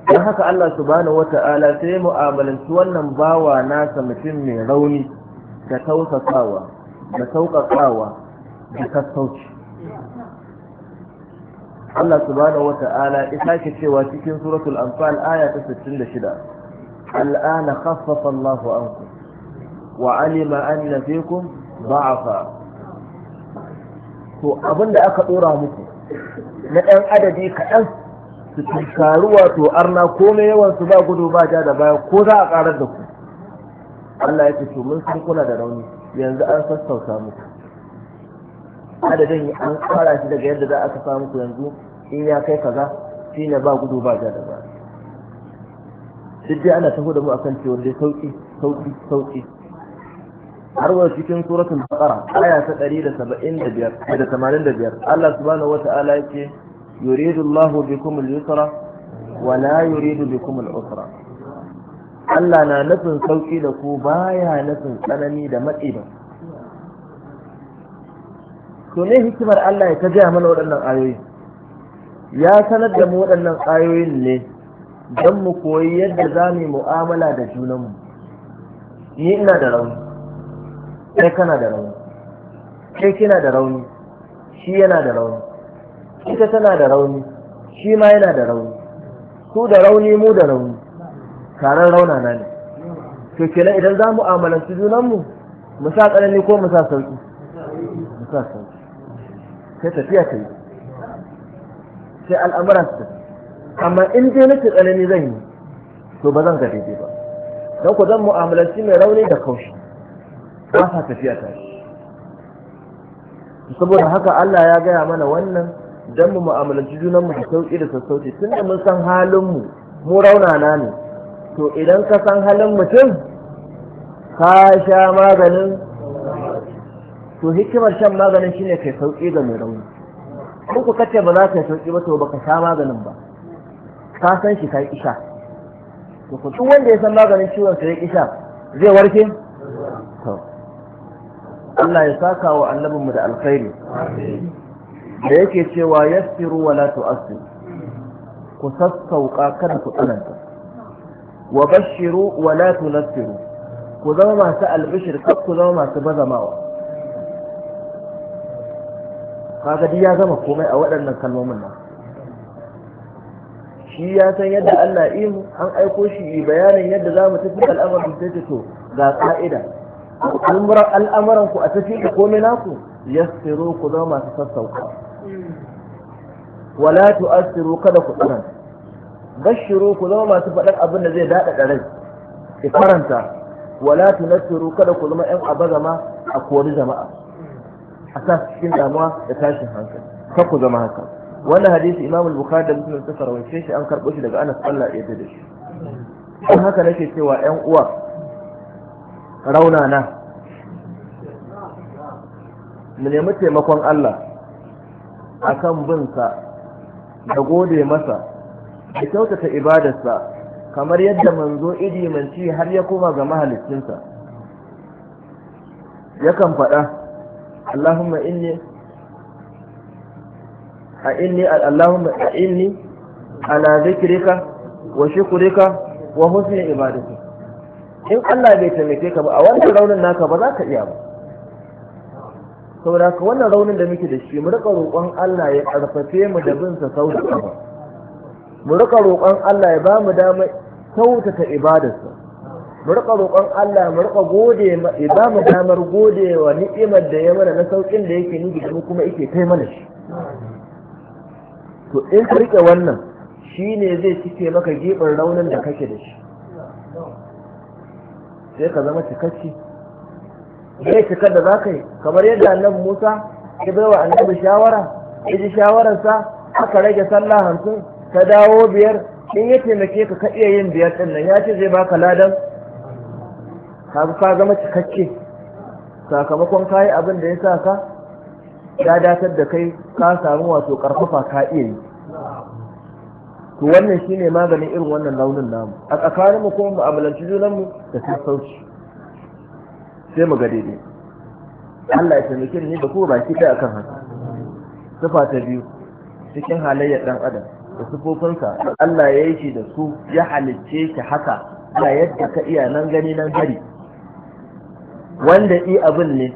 don haka Allah subhanahu wata'ala sai mu'amalanci wannan bawa nasa mutum mai rauni da tausasawa da sauƙaƙawa da sassauci Allah subhanahu wata'ala ya sake cewa cikin suratul anfal aya ta 66 al'ana khaffafa Allahu ankum wa alima anna fikum da'afa to abinda aka dora muku na ɗan adadi kaɗan su tunkari wato arna komai yawan su ba gudu ba ja da baya ko za a karar da ku Allah ya ce to mun san kuna da rauni yanzu an sassauta muku adadin an fara shi daga yadda za a kasa muku yanzu in ya kai kaza shi ne ba gudu ba ja da baya duk dai ana taho da mu akan cewa dai sauki sauki sauki har wa cikin suratul baqara aya ta 175 da 85 Allah subhanahu wata'ala yake yuridu Allahu bikum al-yusra wa yuridu usra Allah na nufin sauƙi da ku baya nufin tsanani da matsi ba to ne hikimar Allah ya ta mana waɗannan ayoyi ya sanar da mu waɗannan ayoyin ne don mu koyi yadda za mu yi mu'amala da junanmu ni ina da rauni kai kana da rauni kai kina da rauni shi yana da rauni ita tana da rauni shi ma yana da rauni su da rauni mu da rauni taron rauna na ne to kenan idan za mu amalanci junanmu mu sa tsanani ko mu sa sauki mu sa sauki sai tafiya ta yi sai al'amura su amma in dai nake tsanani zan yi to ba zan ga daidai ba don ku zan mu'amalanci mai rauni da kaushi ba sa tafiya ta yi saboda haka Allah ya gaya mana wannan don mu mu'amalanci junan mu da sauƙi da sassauci tun da mun san halin mu mu raunana ne to idan ka san halin mutum ka sha maganin to hikimar shan maganin shine kai sauƙi ga mai rauni ko ku kace ba za ka sauƙi ba to baka sha maganin ba ka san shi ka isha to ku duk wanda ya san maganin ciwon sa ya isha zai warke to Allah ya saka wa annabinmu da alkhairi da yake cewa yassiru wala tu'assiru ku sassauka kan ku tsananta wa bashiru wala tunassiru ku zama masu albishir kar ku zama masu bazamawa kaga duk ya zama komai a waɗannan kalmomin nan shi ya san yadda Allah yi an aiko shi bayanin yadda za mu tafi al'amarin sai to ga ka'ida al'amuran ku a tafi komai naku yassiru ku zama masu sassauka wala tu'assiru kada ku tsananta bashiru ku zama masu faɗar abin da zai daɗa rai ki karanta wala tunassiru kada ku zama ƴan abazama a kori jama'a a sa cikin damuwa da tashin hankali kar ku zama haka wannan hadisi imamul bukhari da muslim suka rawaice shi an karɓo shi daga anas allah ya da shi don haka nake cewa ƴan uwa raunana mu nemi taimakon allah akan bin sa da gode masa da kyautata ibadarsa kamar yadda manzo idi manci har ya koma ga mahalicinsa yakan faɗa Allahumma inni a inni Allahumma a inni ala zikirika wa shukurika wa husni in Allah bai taimake ka ba a wannan raunin naka ba za ka iya ba saboda ka wannan raunin da muke da shi mu rika roƙon Allah ya ƙarfafe mu da bin sa sau da kafa mu rika roƙon Allah ya ba mu dama kyautata ibadarsa mu rika roƙon Allah mu rika gode ya ba mu damar gode wa ni'imar da ya mana na saukin da yake ni da kuma yake kai mana shi to in ka rike wannan shine zai cike maka gefen raunin da kake da shi sai ka zama cikakke zai cikar da za ka yi kamar yadda annabi musa ya bai wa annabi shawara ya ji shawararsa aka rage sallah hamsin ta dawo biyar in ya taimake ka ka iya yin biyar ɗin nan ya ce zai baka ladan ka zama cikakke sakamakon kayi abin da ya sa ka ya datar da kai ka samu wato karfafa ka iya yi to wannan shine maganin irin wannan launin namu a tsakaninmu kuma mu amalanci junanmu da sassauci sai mu ga daidai Allah ya taimake ni da ku shi ɗaya akan haka sifa ta biyu cikin halayyar dan adam da sufofinsa Allah ya yi shi da su ya halicce shi haka ba yadda ka iya nan gani nan hari wanda i abin ne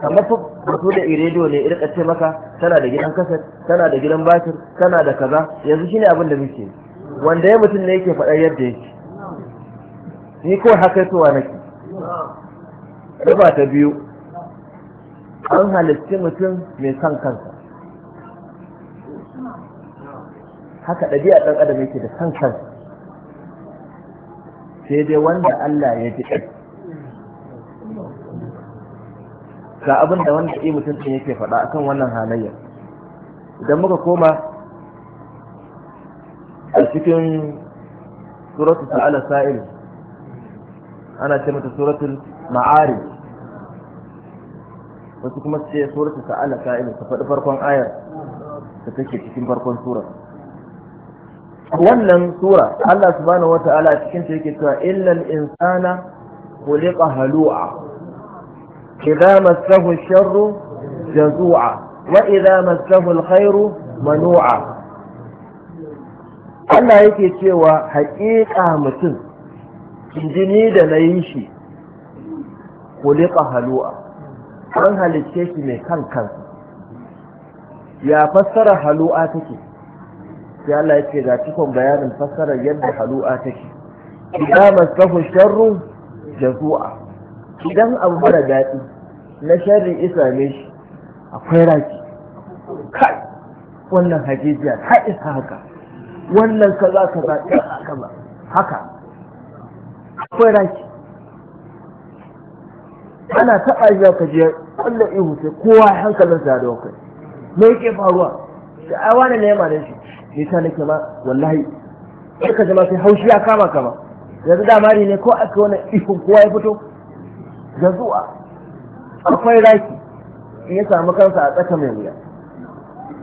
kamar su da iredo ne irka ce maka tana da gidan kasar tana da gidan batir tana da kaza yanzu shine abin da muke wanda ya mutum ne yake faɗar yadda yake ni ko haka wa nake rufa ta biyu an halitti mutum mai son kansa haka ɗabi'a ɗan adam yake da son kansa sai dai wanda Allah ya ji ɗai ga abin da wanda ɗi mutum ɗin yake faɗa akan wannan halayya idan muka koma a cikin suratul sa'ala sa'il ana ce mata suratul ma'arij wasu kuma su ce suratu sa'ala sa'ilu ta faɗi farkon ayar da take cikin farkon sura wannan sura Allah subhanahu wata'ala cikin ta yake cewa illal insana khuliqa halu'a idza massahu sharru jazu'a wa idza massahu alkhairu manu'a Allah yake cewa haƙiƙa mutum injini da na yi shi kuliƙa halu'a an halicce shi mai kan kansa ya fassara halu'a take sai Allah ya ce ga cikon bayanin fassarar yadda halu'a take idan masahu sharru jazu'a idan abu mara daɗi na sharri isa ne shi akwai raki kai wannan hajijiya ta isa haka wannan kaza kaza kaza haka akwai raki ana ta ajiya ka je Allah ihu sai kowa hankalin sa da kai me yake faruwa da ai wani ne ma da shi me ta nake ma wallahi sai ka jama sai haushi ya kama kama yanzu da mari ne ko aka wani ihu kowa ya fito ga zuwa akwai raki in ya samu kansa a tsaka mai wuya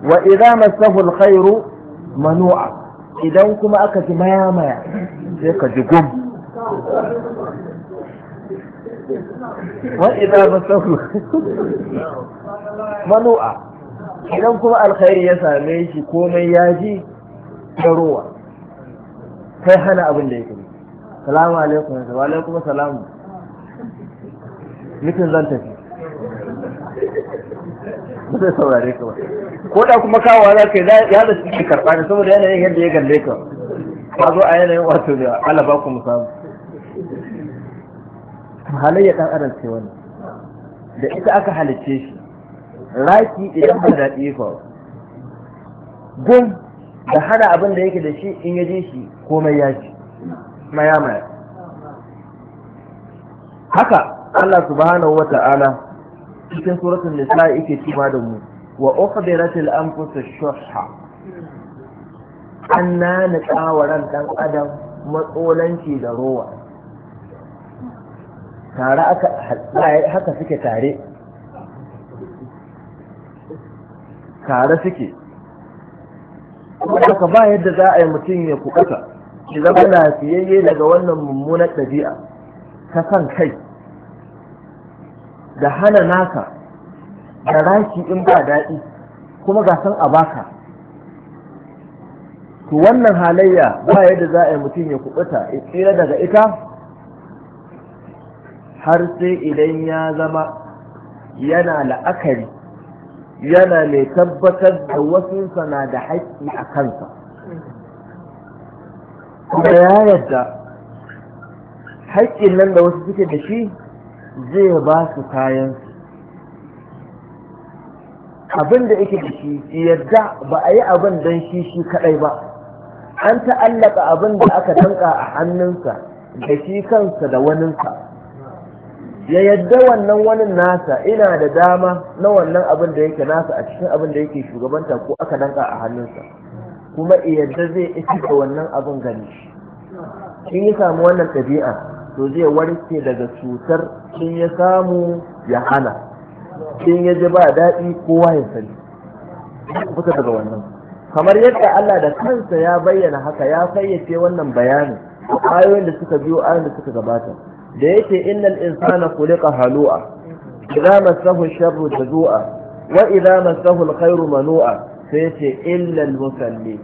wa idza masahu alkhairu manu'a idan kuma aka ji maya sai ka ji gum wa idza masahu manu'a idan kuma alkhairi ya same shi komai ya ji da ruwa kai hana abin da ya yake salamu alaikum wa alaikum salamu mutum zan tafi zai saurare ka ba ko da kuma kawo za ka yi ya da ke karɓa ne saboda yanayin yadda ya galle ka ba zo a yanayin wato da alaba ku mu samu halayya ɗan adam ce wani. da ita aka halicce shi raki idan ba daɗe ba faru gum da hana abin da yake da shi in ya ji shi komai ya ji maya maya haka Allah subhanahu wa ta'ala cikin suratul nisa yake cewa da mu wa ukhbiratil anfus shuhha anna tsawaran ɗan adam matsolanci da rowa tare haka suke tare tare suke kuma ba yadda za a yi mutum ya kukuta ki zama lafiyayye daga wannan mummunar ɗabi'a ta kan kai da hana naka da raki in ba daɗi kuma ga san a baka to wannan halayya ba yadda za a yi mutum ya kubuta ya tsira daga ita har sai idan ya zama yana la'akari yana mai tabbatar da wasu na da haƙƙi a kansa kuma ya yadda haƙƙin nan da wasu suke da shi zai ba su kayansu abin da yake da shi yadda ba a yi abin don shi shi kadai ba an ta'allaka abin da aka tanka a hannunsa da shi kansa da waninsa ya yadda wannan wani nasa ina da dama na wannan abin da yake nasa a cikin abin da yake shugabanta ko aka danka a hannunsa kuma yadda zai isi da wannan abin gani in ya samu wannan ɗabi'a to zai warke daga cutar in ya samu ya hana in ya ji ba daɗi kowa ya sani fita daga wannan kamar yadda Allah da kansa ya bayyana haka ya fayyace wannan bayanin ayoyin da suka biyo ayoyin da suka gabata da yake innal insana kulika halu'a idza massahu sharru jazua wa idza massahu alkhairu manu'a sai yace illa almusalli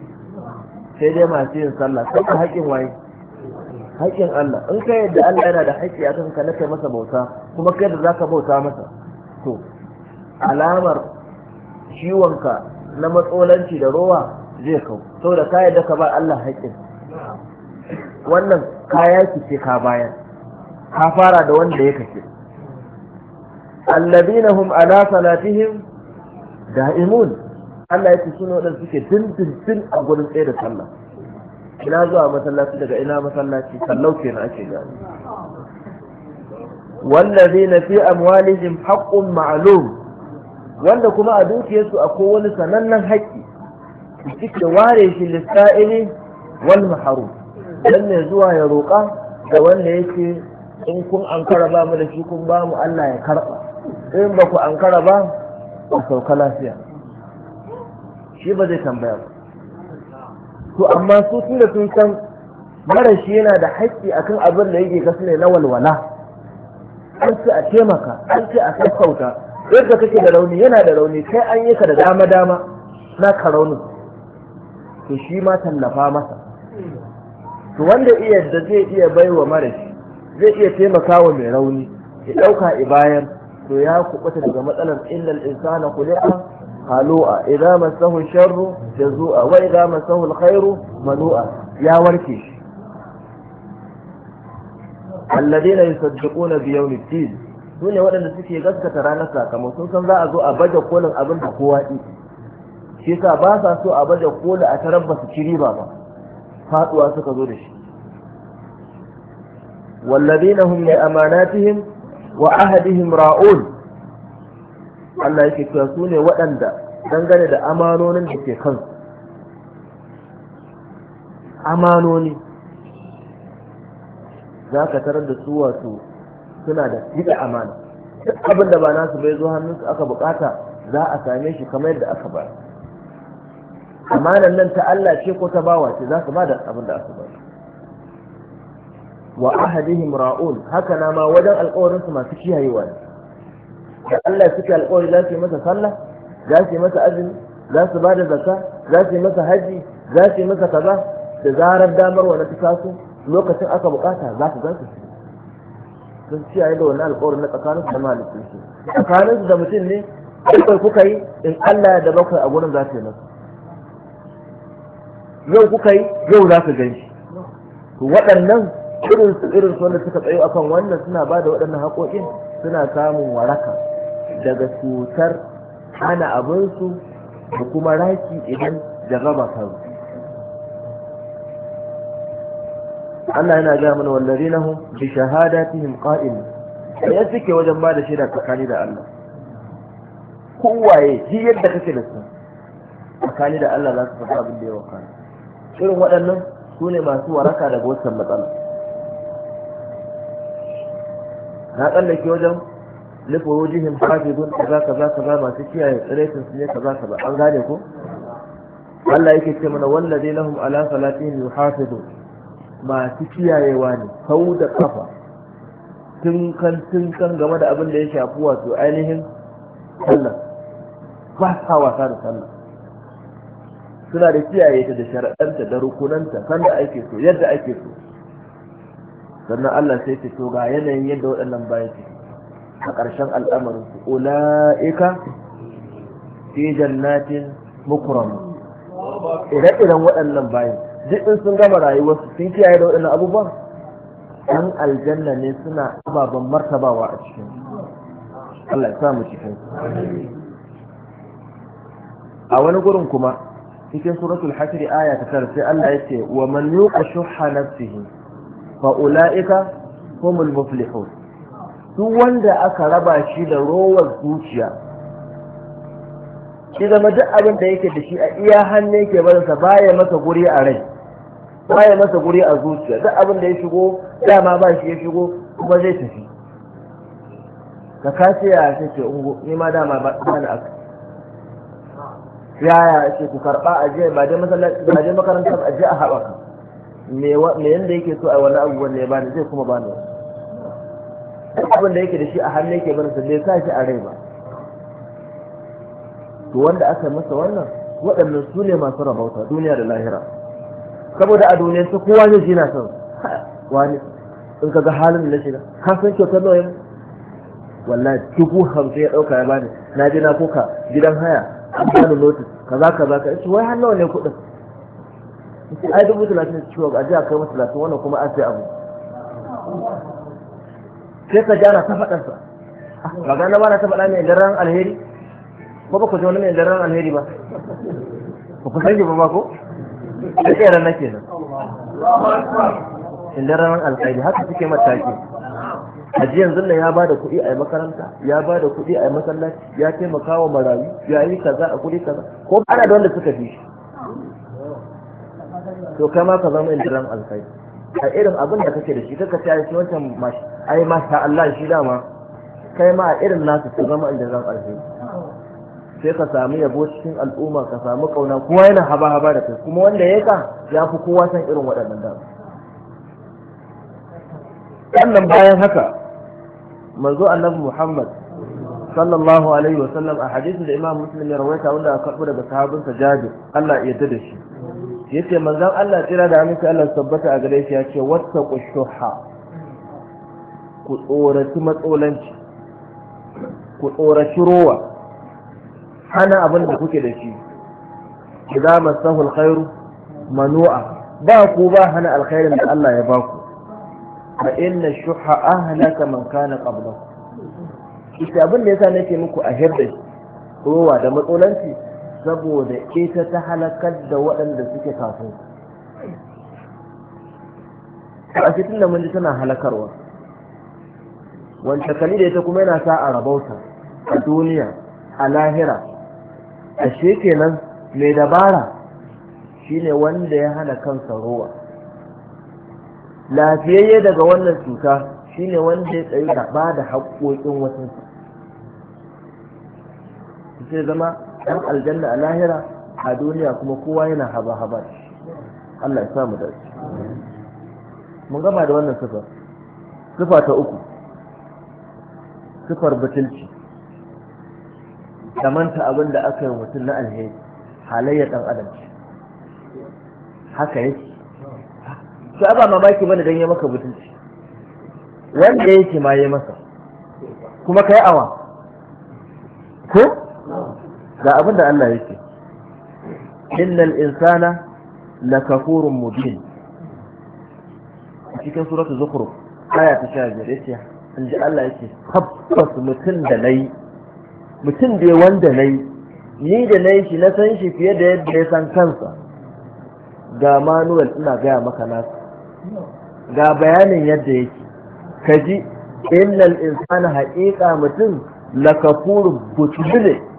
sai dai masu yin sallah sai ka haƙin waye haƙin Allah in ka yadda Allah yana da haƙƙi akan ka nake masa bauta kuma kai da zaka bauta masa to alamar ciwonka na matsolanci da rowa zai kau saboda ka yadda ka ba Allah haƙƙin wannan kaya ki ce ka bayar. ka fara da wanda ya kace alladhina hum ala salatihim da'imun Allah ya ce sune wadanda suke dindindin a gurin tsaye da sallah ina zuwa masallaci daga ina masallaci sallau kenan ake gani wallazina fi amwalihim haqqun ma'lum wanda kuma a dukiyarsu akwai wani sanannen haƙƙi suke ware shi lissa'ili wal maharu dan ne zuwa ya roƙa da wanda yake in kun ankara ba mu da shi kun ba mu Allah ya karɓa in ba ku ankara ba ku sauka lafiya shi ba zai tambaya ba to amma su tun da sun san marashi yana da haƙƙi akan abin da yake kasu ne na walwala an ce a taimaka an ce a sassauta yadda kake da rauni yana da rauni kai an yi ka da dama dama na ka raunin to shi ma tallafa masa to wanda iya da zai iya baiwa marashi zai iya taimakawa mai rauni ya ɗauka ibayar to ya kubuta daga matsalar illal insana kuli'a halu'a idza masahu sharru jazu'a wa idza masahu alkhairu malu'a ya warke shi alladheena yusaddiquna bi yawmi din sune waɗanda suke gaskata ranar sakamakon sun za a zo a baje kolin abin da kowa yi shi ba sa so a baje koli a tarabba a su ci riba ba faduwa suka zo da shi والذين هم لأماناتهم وعهدهم راؤون Allah yake cewa su ne waɗanda dangane da amanonin da ke kansu amanoni za ka tarar da su wasu suna da riƙe amana duk abin da ba nasu bai zo hannunsu aka bukata za a same shi kamar yadda aka ba amanan nan ta Allah ce ko ta bawa ce za ka ba da abin da aka ba wa ahadihim ra'ul haka na ma wajen alƙawarin su masu kiyayewa ne da Allah suke alƙawari za su yi masa sallah za su yi masa azumi za su ba da zakka za su yi masa haji za su yi masa kaza da zarar damar wani ta taso lokacin aka bukata za su gan su sun kiyaye da wannan alƙawarin na tsakaninsu da malikin su tsakaninsu da mutum ne kai kuka yi in Allah da bakwai a gurin za su yi masa yau kuka yi yau za ka gan shi waɗannan irin su irin su wanda suka tsayo akan wannan suna ba da waɗannan haƙoƙin suna samun waraka daga cutar hana abinsu da kuma raki idan jarraba ta zo Allah yana ga mana wallazi na hun bi shahadatihim qa'im ya suke wajen ba da shaida tsakani da Allah kowaye shi yadda kake da su tsakani da Allah za su faɗi abin da ya wakana irin waɗannan su ne masu waraka daga wancan matsala na tsallake wajen lifurujihim hafizun kaza kaza kaza masu kiyaye tsiraitin su ne kaza kaza an gane ko Allah yake ce mana wanda wallazi lahum ala salatihim yuhafizun masu kiyayewa ne kau da kafa tun kan tun kan game da abin da ya shafi wato ainihin sallah ba sa wasa da sallah suna da kiyaye ta da sharaɗanta da rukunanta kan da ake so yadda ake so sannan Allah sai ce to ga yanayin yadda waɗannan bayan su a ƙarshen al'amarin su ula'ika fi jannatin mukuram ire-iren waɗannan bayan duk in sun gama rayuwar su sun kiyaye da waɗannan abubuwan ɗan aljanna ne suna ababen martabawa a cikin Allah ya samu cikin a wani gurin kuma cikin suratul hasri aya ta tara sai Allah ya ce wa man yuqa shuhha nafsihi fa ula'ika humul muflihun duk wanda aka raba shi da rowar zuciya shi zama duk abin da yake da shi a iya hannun yake barinsa baya masa guri a rai baya masa guri a zuciya duk abin da ya shigo dama ba shi ya shigo kuma zai tafi ka kace ya ce ce ungo ni ma dama ba da aka yaya ce ku karba a jiya ba dai masallaci ba makarantar a a haɓaka me yanda yake so a wani abubuwan ne ya bani zai kuma bani ne abin da yake da shi a hannun yake bane sai sa shi a rai ba to wanda aka masa wannan waɗannan su ne masu rabauta duniya da lahira saboda a duniya su kowa ne jina na wani in ka ga halin da na shiga ka san kyautar nawa yin wallahi dubu hamsin ya ɗauka ya bani na je na kuka gidan haya an bani notis kaza kaza ka ce wai har nawa ne kuɗin sai ai dubu talatin ciwo a ji a kai masa talatin wannan kuma an sai abu sai ka jana ta faɗarsa magana ba na ta faɗa mai daren alheri ko ba ku ji wani mai daren alheri ba ba ku san ba ko a tseren nake nan in daren alkhairi haka suke mataki a ji yanzu ya ba da kuɗi a yi makaranta ya ba da kuɗi a yi masallaci ya taimaka wa marayu ya yi kaza a kuɗi kaza ko ana da wanda suka fi shi to kai ma ka zama indiran alkhairi a irin abin da kake da shi kaka ta yi wancan ai sha Allah shi dama kai ma a irin nasu ka zama indiran alkhairi sai ka samu yabo cikin al'umma ka samu kauna kowa yana haba haba da kai kuma wanda ya ka ya fi kowa san irin waɗannan da. sannan bayan haka manzo annabi Muhammad sallallahu alaihi wa sallam a hadisin da Imam Muslim ya rawaita wanda aka karbo daga sahabinsa Jabir Allah ya yarda da shi yace manzon Allah tira da aminci Allah tabbata a gare shi yace wattaqu shuhha ku tsoraci matsolanci ku tsoraci rowa hana abin da kuke da shi idza masahu alkhair manu'a ba ku ba hana alkhairin da Allah ya ba ku fa inna shuhha ahlaka man kana qablakum shi abin da yasa nake muku a hirda rowa da matsolanci saboda ita ta halakar da waɗanda suke kafin a cikin da mun ji tana halakarwa wanda kali da ita kuma yana sa a rabauta a duniya a lahira a kenan mai dabara shine wanda ya hana kansa ruwa lafiyayye daga wannan cuta shine wanda ya da ba da haƙoƙin wasu sai zama dan aljanna a lahira a duniya kuma kowa yana haba haba Allah ya samu da mun gama da wannan sifa sifa ta uku sifar batulci kamanta abin da aka yi mutum na alheri halayyar dan adam ce. haka yake sai ba mamaki mana dan ya maka butulci wanda yake ma ya masa kuma kai awa ko ga abin da Allah yake innal insana lakafurun mubin cikin suratul zukhruf aya ta 15 yace ji Allah yake tabbas mutum da nayi mutum da wanda nayi ni da nayi shi na san shi fiye da yadda ya san kansa ga manuwal ina gaya maka nasu ga bayanin yadda yake kaji innal insana haƙiƙa mutum lakafurun butubile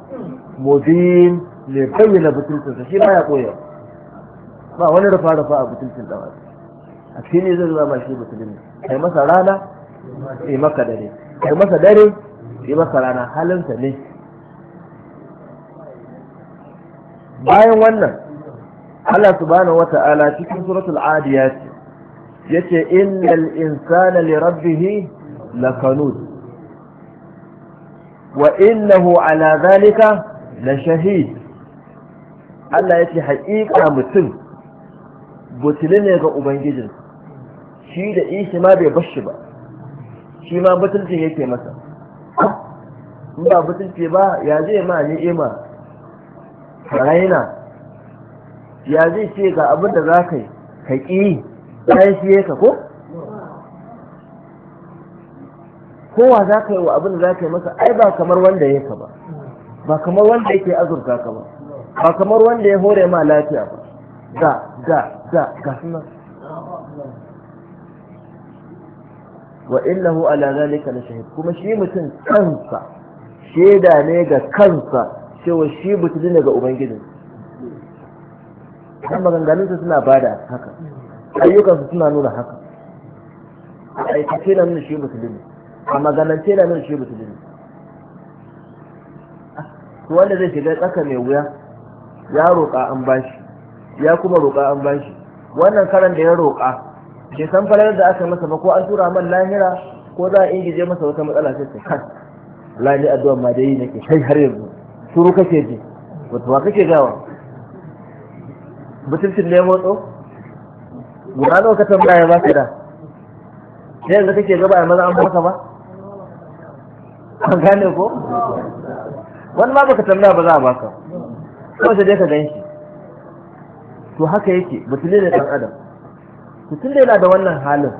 mubin mai bayyana butulcinsa shi ba ya koya ba wani rufa rufa a butulcin dan adam a cikin ne zai zuwa ba shi butulin kai masa rana yi maka dare kai masa dare yi masa rana halinsa ne bayan wannan Allah subhanahu wa ta'ala cikin suratul adiyat yace innal insana li rabbih lakanud wa innahu ala zalika la shahid Allah ya ce haƙiƙa mutum butuli ne ga ubangijin shi da ishi ma bai bashi ba shi ma butulcin yake masa in ba butulci ba ya zai ma ni'ima raina ya zai ce ga abin da za ka yi ka bayan ka ko kowa za ka yi wa abin da za ka yi masa ai ba kamar wanda ya ka ba ba kamar wanda yake azurta ka ba ba kamar wanda ya hore ma lafiya ba ga ga ga ga suna wa illahu ala zalika la shahid kuma shi mutum kansa shaida ne ga kansa cewa shi mutum ne ga ubangijin kan maganganunsa suna bada haka su suna nuna haka a aikace na nuna shi mutum ne a maganance na nuna shi mutum ne to wanda zai shiga tsaka mai wuya ya roƙa an bashi ya kuma roƙa an bashi wannan karan da ya roƙa bai san farar da aka masa ba ko an tura man lahira ko za a ingije masa wata matsala sai ta kan lani addu'a ma dai nake kai har yanzu suru kake ji wato wa kake gawa mutuncin ne motso guda nawa ka tambaya ba ka da sai yanzu kake gaba a maza an baka ba an gane ko wani ma baka tambaya ba za a baka kuma sai dai ka gan shi to haka yake butule ne dan adam mutum da yana da wannan halin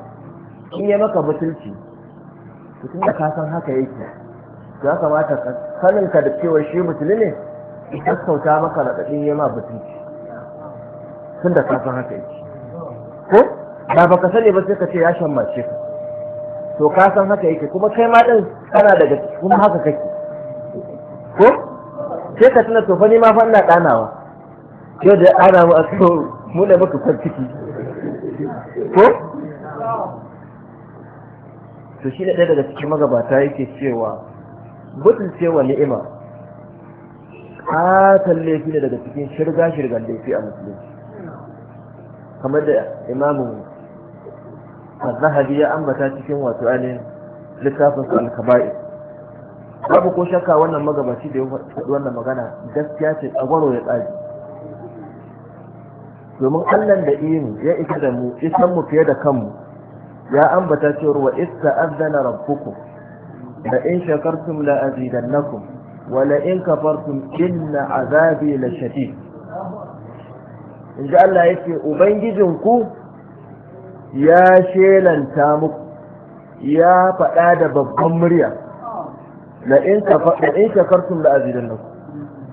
in ya maka butulci mutum da ka san haka yake to ya kamata ka sanin ka da cewa shi butule ne ka sauta maka da dadin ya ma butulci tun da ka san haka yake ko da baka sani ba sai ka ce ya mace ka to ka san haka yake kuma kai ma din kana daga kuma haka kake ko sai ka tuna tofa ne ma fa ina ɗanawa yau da ana mu a so mu da muka kwan ciki ko to shi da ɗaya daga cikin magabata yake cewa gudun cewa ni'ima ƙatan laifi ne daga cikin shirga-shirgan laifi a musulunci kamar da imamu al ya ambata cikin wato ainihin littafinsa al-kaba'i babu ko shakka wannan magabaci da ya faɗi wannan magana gaskiya ce tsagwaro ya tsari domin allan da imu ya isa da mu isan mu fiye da kanmu ya ambata cewar wa iska azana rabbuku da in shakartum la azidannakum wa la in kafartum inna azabi la shadid inji Allah yake ubangijinku ya shelanta muku ya faɗa da babban murya la in da la nan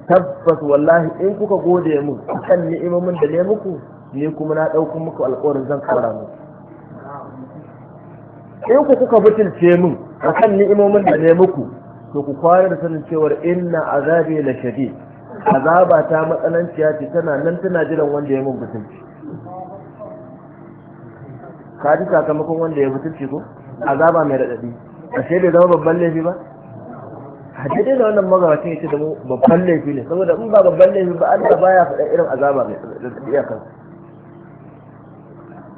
tabbas wallahi in kuka gode mu kan ni'imomin da ne muku ni kuma na ɗauko muku alƙawarin zan kara mu. in ku kuka butulce a kan ni'imomin da ne muku to ku kwayar da sanin cewar inna azabi la shadid azaba ta matsananciya ce tana nan tana jiran wanda ya mun butulci ka ji sakamakon wanda ya butulci ko azaba mai raɗaɗi ashe bai zama babban laifi ba hadidai da wannan magabacin ya ce da babban laifi ne saboda in ba babban laifi ba Allah baya faɗa irin azaba mai kan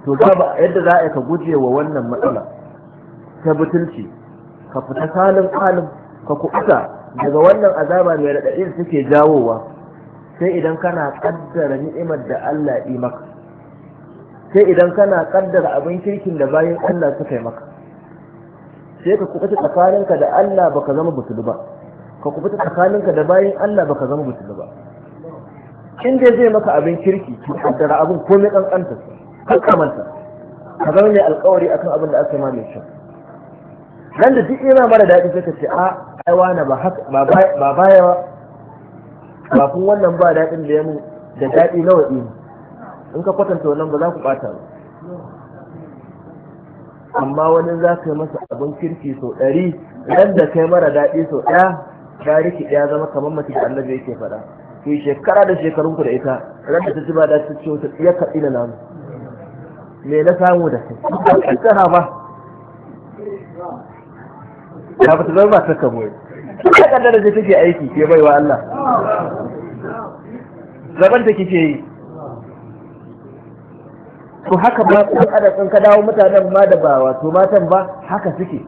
to ba yadda za a yi ka guje wa wannan matsala ta butulci ka fita salin kalin ka kuɓuta daga wannan azaba mai da suke jawowa sai idan kana ƙaddara ni'imar da Allah yi maka sai idan kana ƙaddara abin kirkin da bayan Allah suka yi maka sai ka kubuta tsakaninka da Allah baka zama butulu ba ka kubuta tsakaninka da bayin Allah baka zama butulu ba kin dai zai maka abin kirki ki haddara abin komai kankanta kan kamanta ka zama mai alkawari akan abin da aka ma mai kyau nan da duk yana mara daɗi sai ka ce a ah, ai wani ba haka ba baya ba kun wannan ba daɗin da ya mu da daɗi nawa ne in ka kwatanta wannan ba za ku ɓata ba amma wani za ka yi masa abin kirki sau ɗari ran da kai mara daɗi sau ɗaya ta riki ɗaya zama kamar mace da annabi yake faɗa to shekara da shekarunku da ita ran da ta ji ba da ta ce wata ya kaɗi na namu me na samu da kai an tsara ma ta fita zama ba ta kamo ta kaddara da take aiki ke baiwa Allah zaban ta ke yi to haka ba su adadin ka dawo mutanen ma da bawa, wato matan ba haka suke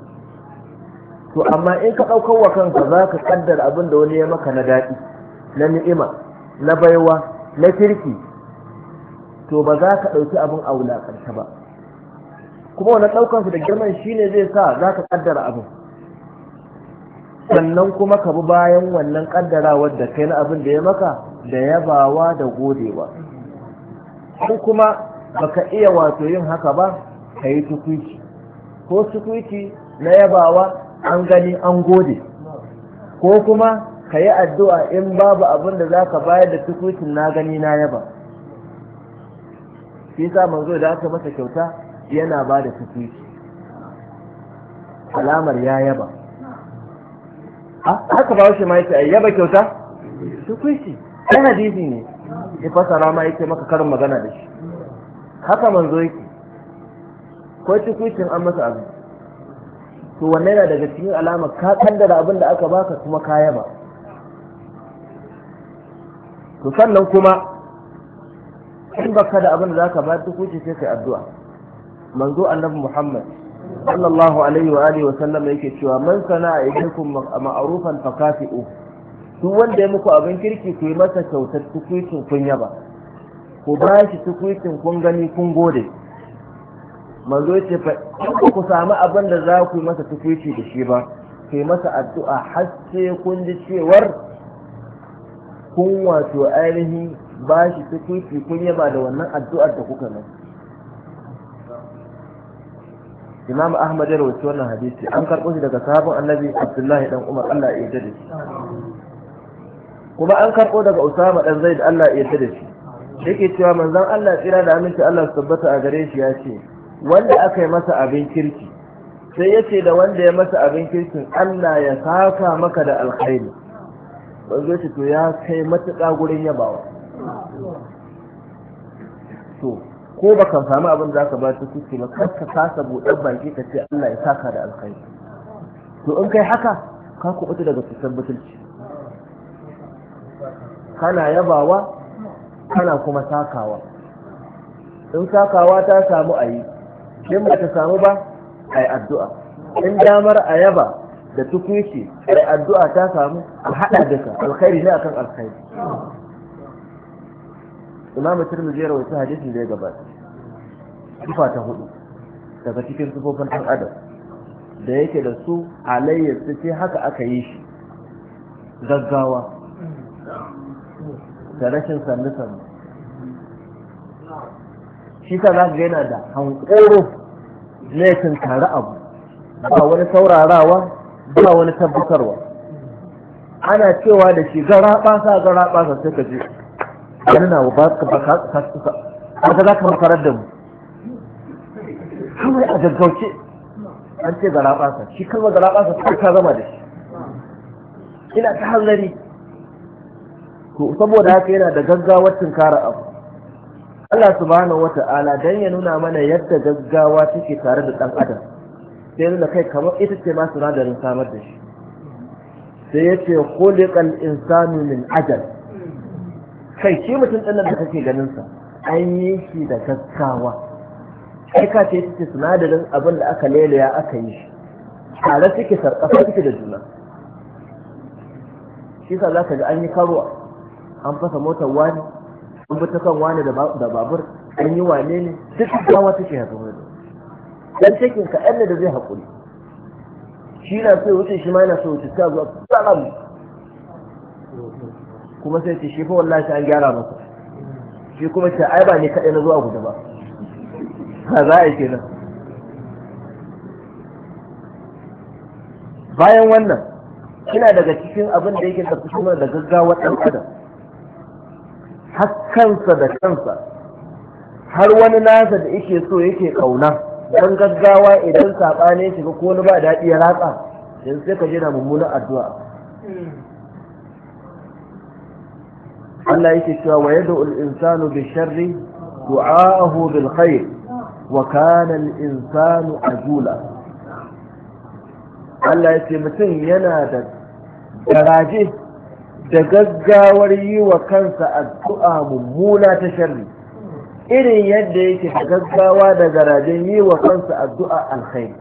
to amma in ka ɗaukar wa kanka za ka ƙaddara abin da wani ya maka na daɗi na ni'ima na baiwa na kirki to ba za ka ɗauki abin a wulaƙanta ba kuma wani ɗaukansu da girman shi ne zai sa za ka ƙaddara abin sannan kuma ka bi bayan wannan ƙaddarawar da kai na abin da ya maka da yabawa da godewa in kuma baka iya wato yin haka ba ka yi tukwici ko tukwici na yabawa an gani an gode ko kuma ka yi addu'a in babu abin da za ka bayar da tukwicin na gani na yaba shi sa manzo da aka masa kyauta yana ba da tukwici alamar ya yaba haka ba shi ma yake yaba kyauta tukwici ɗan hadisi ne ya fasara ma yake maka karin magana da shi haka manzo yake ko tukukin an masa abu to wannan yana daga cikin alama ka kaddara abin da aka baka kuma ka yaba to sannan kuma in baka da abin da zaka ba tukuci sai kai addu'a manzo annabi Muhammad sallallahu alaihi wa alihi wa sallam yake cewa man sana'a ilaykum ma'rufan fakafi'u duk wanda ya muku abin kirki ku yi masa kyautar tukucin kun yaba ku ba shi tukwicin kun gani kun gode manzo ce fa in ku samu abin da za ku yi masa tukwici da shi ba kai masa addu'a har sai kun ji cewar kun wato ainihin ba shi tukwici kun yaba da wannan addu'ar da kuka nan imam ahmad ya rawaito wannan hadisi an karɓo shi daga sahabin annabi abdullahi dan umar allah ya yarda da shi kuma an karɓo daga usama dan zaid allah ya yarda da shi yake cewa manzon Allah tsira da aminci Allah su tabbata a gare shi ya ce wanda aka yi masa abin kirki sai ya da wanda ya masa abin kirkin Allah ya saka maka da alkhairi wanda shi to ya kai matuƙa gurin yabawa to ko baka samu abin da zaka ba ta kuke ba kar ka kasa buɗar baki ka ce Allah ya saka da alkhairi to in kai haka ka kuɓuta daga cutar butulci kana yabawa kana kuma sakawa in sakawa ta samu a yi in ba ta samu ba a addu'a in damar ayaba da tukuici a addu'a ta samu a haɗa duka alkhairi ne akan alkhairi imamu tirmidhi ya rawaita hadisin da ya gabata sifa ta hudu daga cikin sifofin ɗan adam da yake da su alayyar sai haka aka yi shi gaggawa da rashin sannu-sannu shi ka za ga yana da hankoro na tare abu ba wani saurarawa ba wani tabbatarwa ana cewa da shi gara ɓasa gara ɓasa sai ka je gani na ba ka za ka makarar da mu kawai a gaggauce an ce gara ɓasa shi kalmar gara ɓasa ta zama da shi ina ta hanzari to saboda haka yana da gaggawar tunkara abu Allah subhanahu wata'ala dan ya nuna mana yadda gaggawa take tare da dan adam sai nuna kai kamar ita ce ma sinadarin samar da shi sai ya ce khuliqal insanu min ajal kai shi mutum din da kake ganin sa an yi shi da gaggawa kai ka ce ita sinadarin abin da aka lelaya aka yi shi tare suke sarƙafa suke da juna shi sa za ka ga an yi karuwa an fasa motar wani an bi ta kan wani da babur an yi wane ne duk wata ke haka wani dan cikin ka da zai haƙuri shi na so wuce shi ma yana so wuce ta zuwa tsaram kuma sai ce shi fa wallahi an gyara masa shi kuma ce ai ba ni kaɗai na zuwa guda ba ha za a yi kenan bayan wannan kina daga cikin abin da yake da kusurwa da gaggawa ɗan adam har da kansa har wani nasa da yake so yake ƙauna don gaggawa idan saɓane shiga ko wani ba daɗi ya ratsa yanzu sai ka jira mummunan addu'a Allah yake cewa wa yadda insanu bi sharri du'ahu bil khair wa kana al insanu ajula Allah yake mutum yana da daraje. da gaggawar yi wa kansa addu'a mummuna ta sharri irin yadda yake da gaggawa da garajen yi wa kansa addu'a alkhairi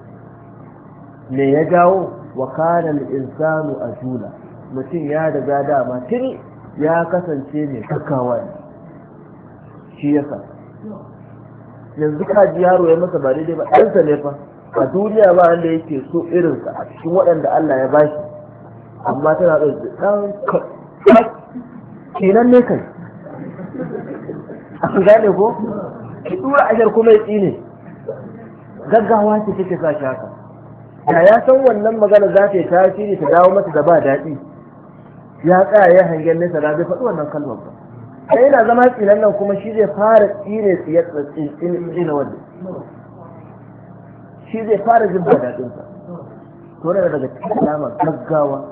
me ya jawo wa kana insanu juna, mutum ya daga dama tuni ya kasance mai kakawa ne shi yasa yanzu ka ji yaro ya masa ba daidai ba ɗansa ne fa a duniya ba wanda yake so irinsa a cikin waɗanda Allah ya bashi amma tana ɗan kenan ne kai an gane ko ki dura ajar kuma ya tsine gaggawa ce take sa shi haka ya ya san wannan magana za ta yi tasiri ta dawo mata da ba daɗi ya tsaya ya hangen nesa da zai faɗi wannan kalmar ba sai yana zama tsinan nan kuma shi zai fara tsine tsine wanda shi zai fara jin ba daɗinsa to daga cikin alamar gaggawa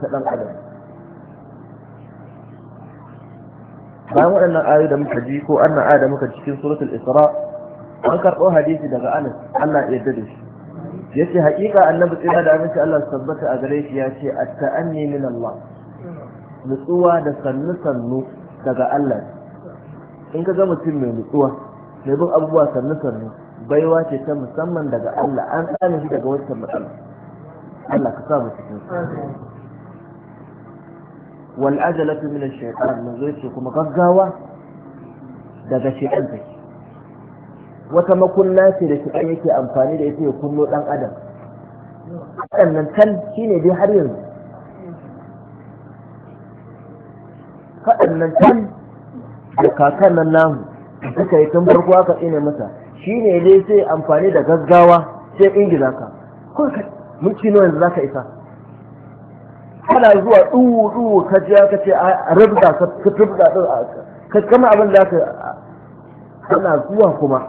ta ɗan adam bayan waɗannan ayoyi da muka ji ko annan ayoyi da muka cikin suratul isra an karɓo hadisi daga anas Allah ya yarda da shi yace haƙiƙa annabi tsira da aminci Allah tabbata a gare shi ya ce at-ta'anni min Allah nutsuwa da sannu sannu daga Allah in ka ga mutum mai nutsuwa mai bin abubuwa sannu sannu baiwa ce ta musamman daga Allah an tsane shi daga wancan matsala Allah ka sa mu cikin wal ajalatu min ash-shaytan manzo yace kuma gaggawa daga shaytan take wata makunna ce da shaytan yake amfani da ita ya kunno dan adam waɗannan tal shine dai har yanzu waɗannan tal da kakan nan namu suka yi tun farko aka tsine masa shi ne dai sai amfani da gaggawa sai ingiza ka kun mun ci nawa yanzu ka isa kana zuwa duwu duwu ka je ka ce a rubda ka rubda din ka kama abin da ka kana zuwa kuma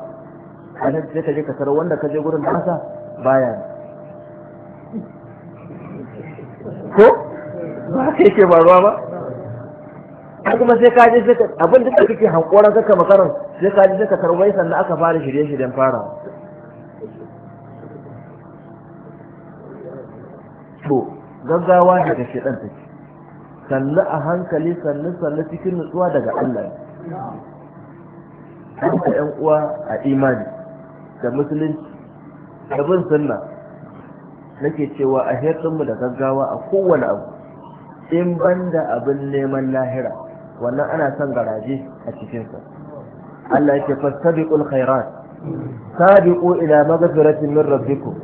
a nan sai ka je ka tarar wanda ka je gurin nasa baya ko ba ka yake ba ruwa ba har kuma sai ka je sai ka abin da kake hankoran kaka makaran sai ka je sai ka tarwai sannan aka fara shirye-shiryen fara. to gaggawa daga shaidan take sannu a hankali sannu sannu cikin nutsuwa daga Allah ne. Kuma yan uwa a imani da musulunci da bin sunna nake cewa a hirɗinmu da gaggawa a kowane abu in banda abin neman lahira wannan ana son garaje a cikinsa Allah yake fastabiqul khairat sabiqu ila maghfiratin min rabbikum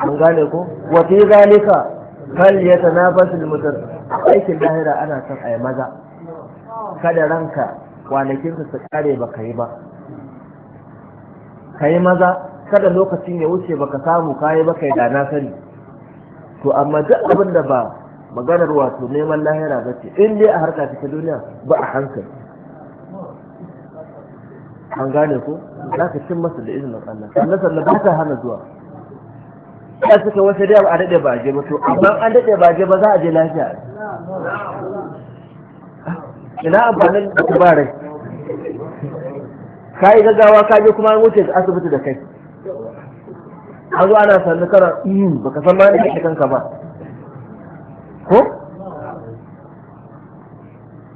an gane ko wa fi zalika fal ya tanafasul mutum aikin lahira ana son a yi maza kada ranka kwanakin su kare ba ka yi ba ka yi maza kada lokacin ya wuce baka samu kayi ba yi da na sani to amma duk abin da ba maganar wato neman lahira ba ce in dai a harka ta duniya ba a hankali an gane ko za ka cin masa da izinin Allah sannan sannan ba ta hana zuwa da suka wasu da a daɗe ba je ba to amma an daɗe ba je ba za a je lafiya ina amfanin da ba rai ka yi gaggawa ka je kuma an wuce asibiti da kai an zo ana sannu kara yin hmm, baka san ma ne kanka ba ko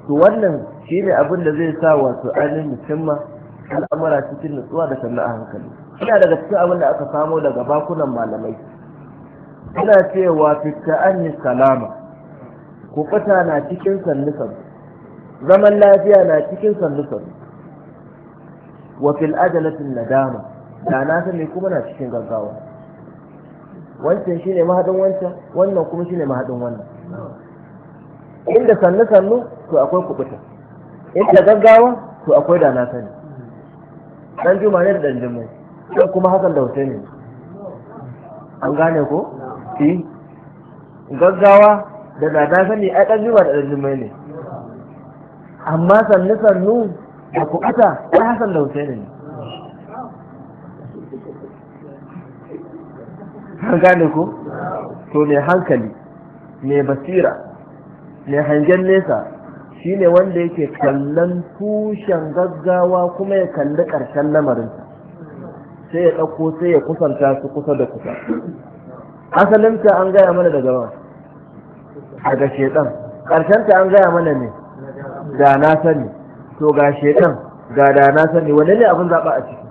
to wannan shi ne abin da zai sa wasu ainihin musamman al'amura cikin nutsuwa da sannu a hankali ina daga cikin abin da aka samo daga bakunan malamai Ina cewa fitta an yi salama kuɓuta na cikin sannusan zaman lafiya na cikin sannusan wa fil ajalatin nadama da na sani kuma na cikin gaggawa wancan shine mahadin wancan wannan kuma shine mahadin wannan inda sannu sannu to akwai kubuta inda gaggawa to akwai da na sani dan juma'a ne da dan juma'a kuma hakan da ne? an gane ko ke eh, gaggawa da dada sani a ɗan juma da ɗan ne amma sannu sannu da kuɓuta ya hasan da husaini ne an gane ku to mai hankali mai basira mai hangen nesa shi ne wanda yake kallon tushen gaggawa kuma ya kalli ƙarshen lamarinsa sai ya ɗauko sai ya kusanta su kusa da kusa asalinta an gaya mana daga ga daga karshen ta an gaya mana ne da na sani to ga shekan ga da na sani wani ne abin zaɓa a ciki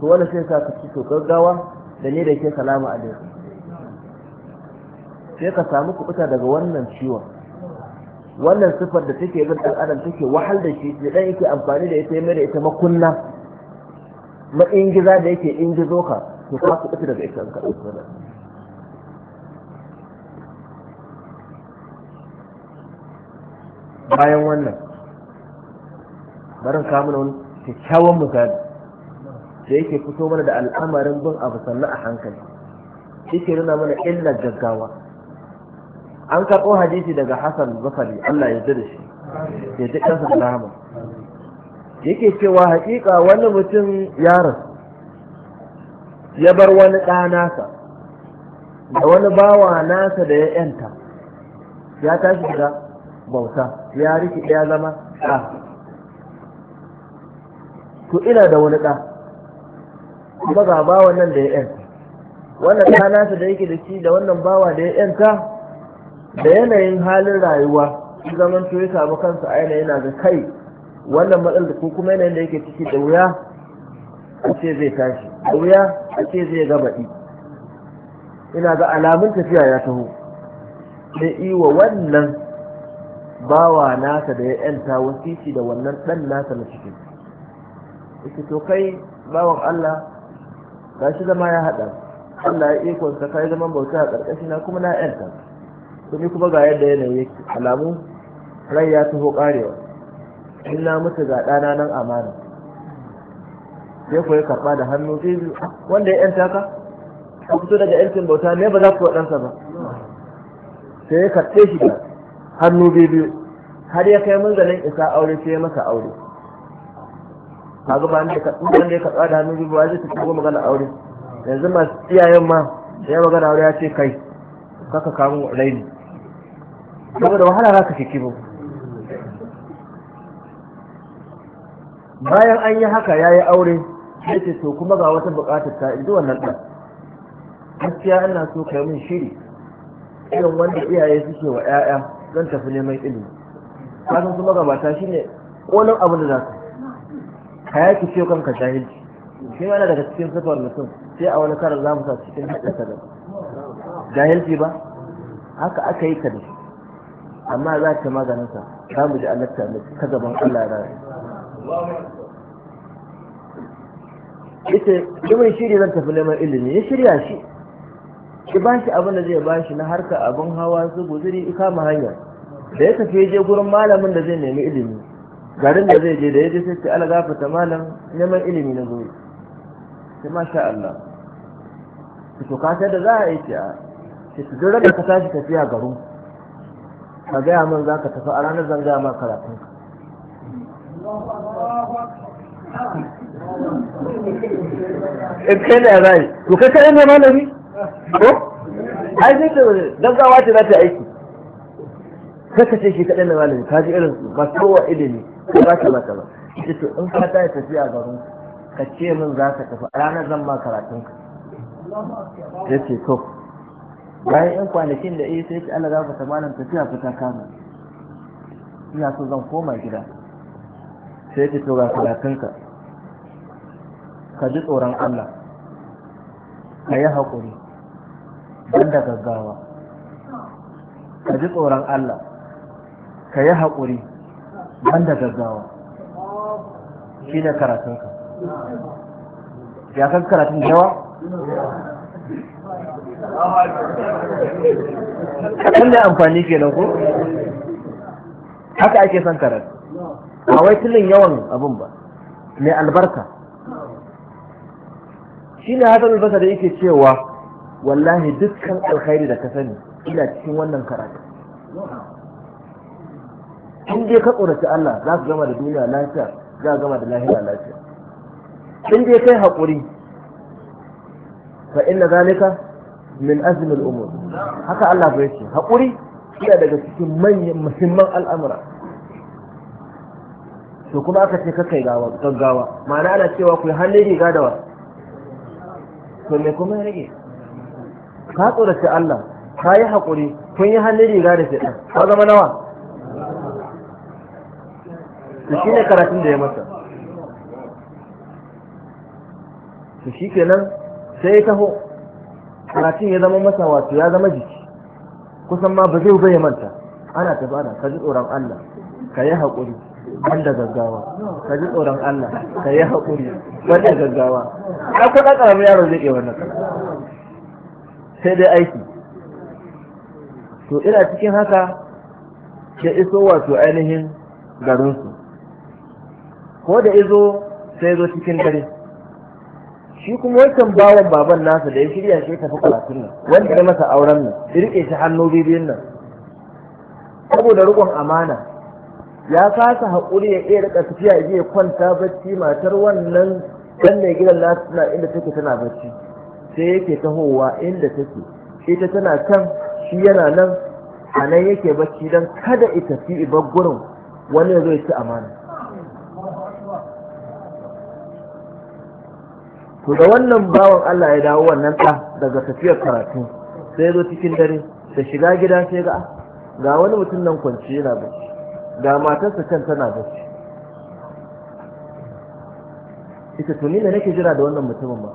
to wani sai sa ka ci to gaggawa da ne da ke salama a dai sai ka samu kubuta daga wannan ciwon wannan siffar da take bin ɗan adam take wahal da shi dan yake amfani da ita ya mai da ita makunna ma'ingiza da yake ingizo ka to ka tafi daga ita ka bayan wannan barin kamun wani kyakkyawan misali da yake fito mana da al'amarin bin abu sannu a hankali ke nuna mana illar gaggawa an karɓo hadisi daga Hassan Bakari Allah ya da shi ya ji kansa da rahama yake cewa haƙiƙa wani mutum ya ya bar wani ɗa nasa da wani bawa nasa da ya yanta ya tashi daga bauta ya riki ya zama ɗa to ina da wani ɗa kuma ga bawan nan da ya yanta wannan ɗa nasa da yake da shi da wannan bawa da ya yanta da yanayin halin rayuwa shi zaman to ya samu kansa a yanayi na ga kai wannan matsalar ko kuma yanayin da yake ciki da wuya ce zai tashi A wuya a ce zai ga baɗi ina ga alamun tafiya ya taho sai iwa wannan bawa nasa da ya yanta wasici da wannan ɗan nasa na cikin yake to kai bawan Allah ga shi zama ya haɗa Allah ya ka kai zaman bauta a ƙarƙashi na kuma na yanta ni kuma ga yadda yanayi yake alamu rai ya taho ƙarewa in na mutu ga ɗana nan amana sai ku ya karɓa da hannu biyu ah, wanda ya yanta ka ka fito daga yankin bauta ne ba za ku waɗansa ba sai ya karɓe shi da hannu biyu har ya kai munzalin isa aure sai ya masa aure kaga ba ne ka wanda ya karɓa da hannu biyu ba zai tafi magana aure yanzu masu iyayen ma ya magana aure ya ce kai kaka kamu raini saboda wahala za ka shi kibo bayan an yi haka ya yi aure sai to kuma ga wata buƙatar ta inda wannan ɗan gaskiya ina so kai min shiri irin wanda iyaye suke wa 'ya'ya zan tafi neman ilimi kasan kuma shi ne ƙolin abin da za ka ka yaki ce kanka jahilci shi yana daga cikin sifar mutum sai a wani karar za mu sa cikin haɗin sadar jahilci ba haka aka yi ka da shi amma za ka maganin sa za mu ji alaƙa ka gaban Allah ya rayu shi mai shiri zan tafi neman ilimi ya shirya shi ki ba shi abin da zai ba shi na harka abin hawa su guzuri ika ma hanya da ya tafi je gurin malamin da zai nemi ilimi garin da zai je da ya je sai ta ala gafata malam neman ilimi na gobe sai masha Allah to ka da za a yi ce a ce ki dora da ka tashi tafiya garin ka gaya min za ka tafi a ranar zanga ma karatun in eh, kai da rai to kai kai ne malami ko ai sai da gaggawa ce za ta aiki kai ka ce shi kaɗai ne malami ka ji irin ba kowa ilimi ko ba ka ba ka ba ita to in ka ta tafiya garin ka ce min za ka tafi ranar zan ma karatun ka ya ce to bayan yan kwanakin da iya sai ta Allah za ka tamanin tafiya ka ta kama ina so zan koma gida sai ce to ga karatunka ka ji tsoron Allah ka yi haƙuri don da gaggawa ka ji tsoron Allah ka yi haƙuri don da gaggawa shi da karatunka ya san karatun yawa kaɗan da amfani ke ko haka ake son karatu ba wai tilin yawan abin ba mai albarka shi ne hasan albarka da yake cewa wallahi dukkan alkhairi da ka sani ina cikin wannan karatu in dai ka tsoraci Allah za ka gama da duniya lafiya za ka gama da lahira lafiya in dai kai haƙuri fa inna zalika min azmi al-umur haka Allah bai ce haƙuri yana daga cikin manyan muhimman al'amura to kuma aka ce kakai gawa gaggawa ma'ana ana cewa ku yi hannun riga da wa to me kuma ya rage ka tsorace Allah ka yi haƙuri kun yi hannun riga da shaɗa ka zama nawa to shi ne karatun da ya masa to shi kenan sai ya taho karatun ya zama masa wato ya zama jiki kusan ma ba zai manta ana tafi ana ka ji tsoron Allah ka yi haƙuri wanda gaggawa ka ji tsoron Allah ka yi haƙuri wanda gaggawa a kuɗa ƙaramin yaro zai iya wannan sai dai aiki to ina cikin haka ya iso wato ainihin garinsu ko da izo sai zo cikin dare shi kuma wancan bawan baban nasa da ya shirya shi tafi karatun nan wanda ya masa auren nan ya riƙe shi hannu bibiyun nan saboda riƙon amana ya kasa haƙuri ya iya rika tafiya ya iya kwanta bacci matar wannan dan mai gidan na inda take tana bacci sai yake tahowa inda take ita tana kan shi yana nan a nan yake bacci don kada ita fi ibar gurin wani zai ci amana to da wannan bawan Allah ya dawo wannan ɗa daga tafiyar karatu sai zo cikin dare da shiga gida sai ga ah, ga wani mutum nan kwanci yana bacci ga matarsa can tana bacci ita tuni da nake jira da wannan mutumin ba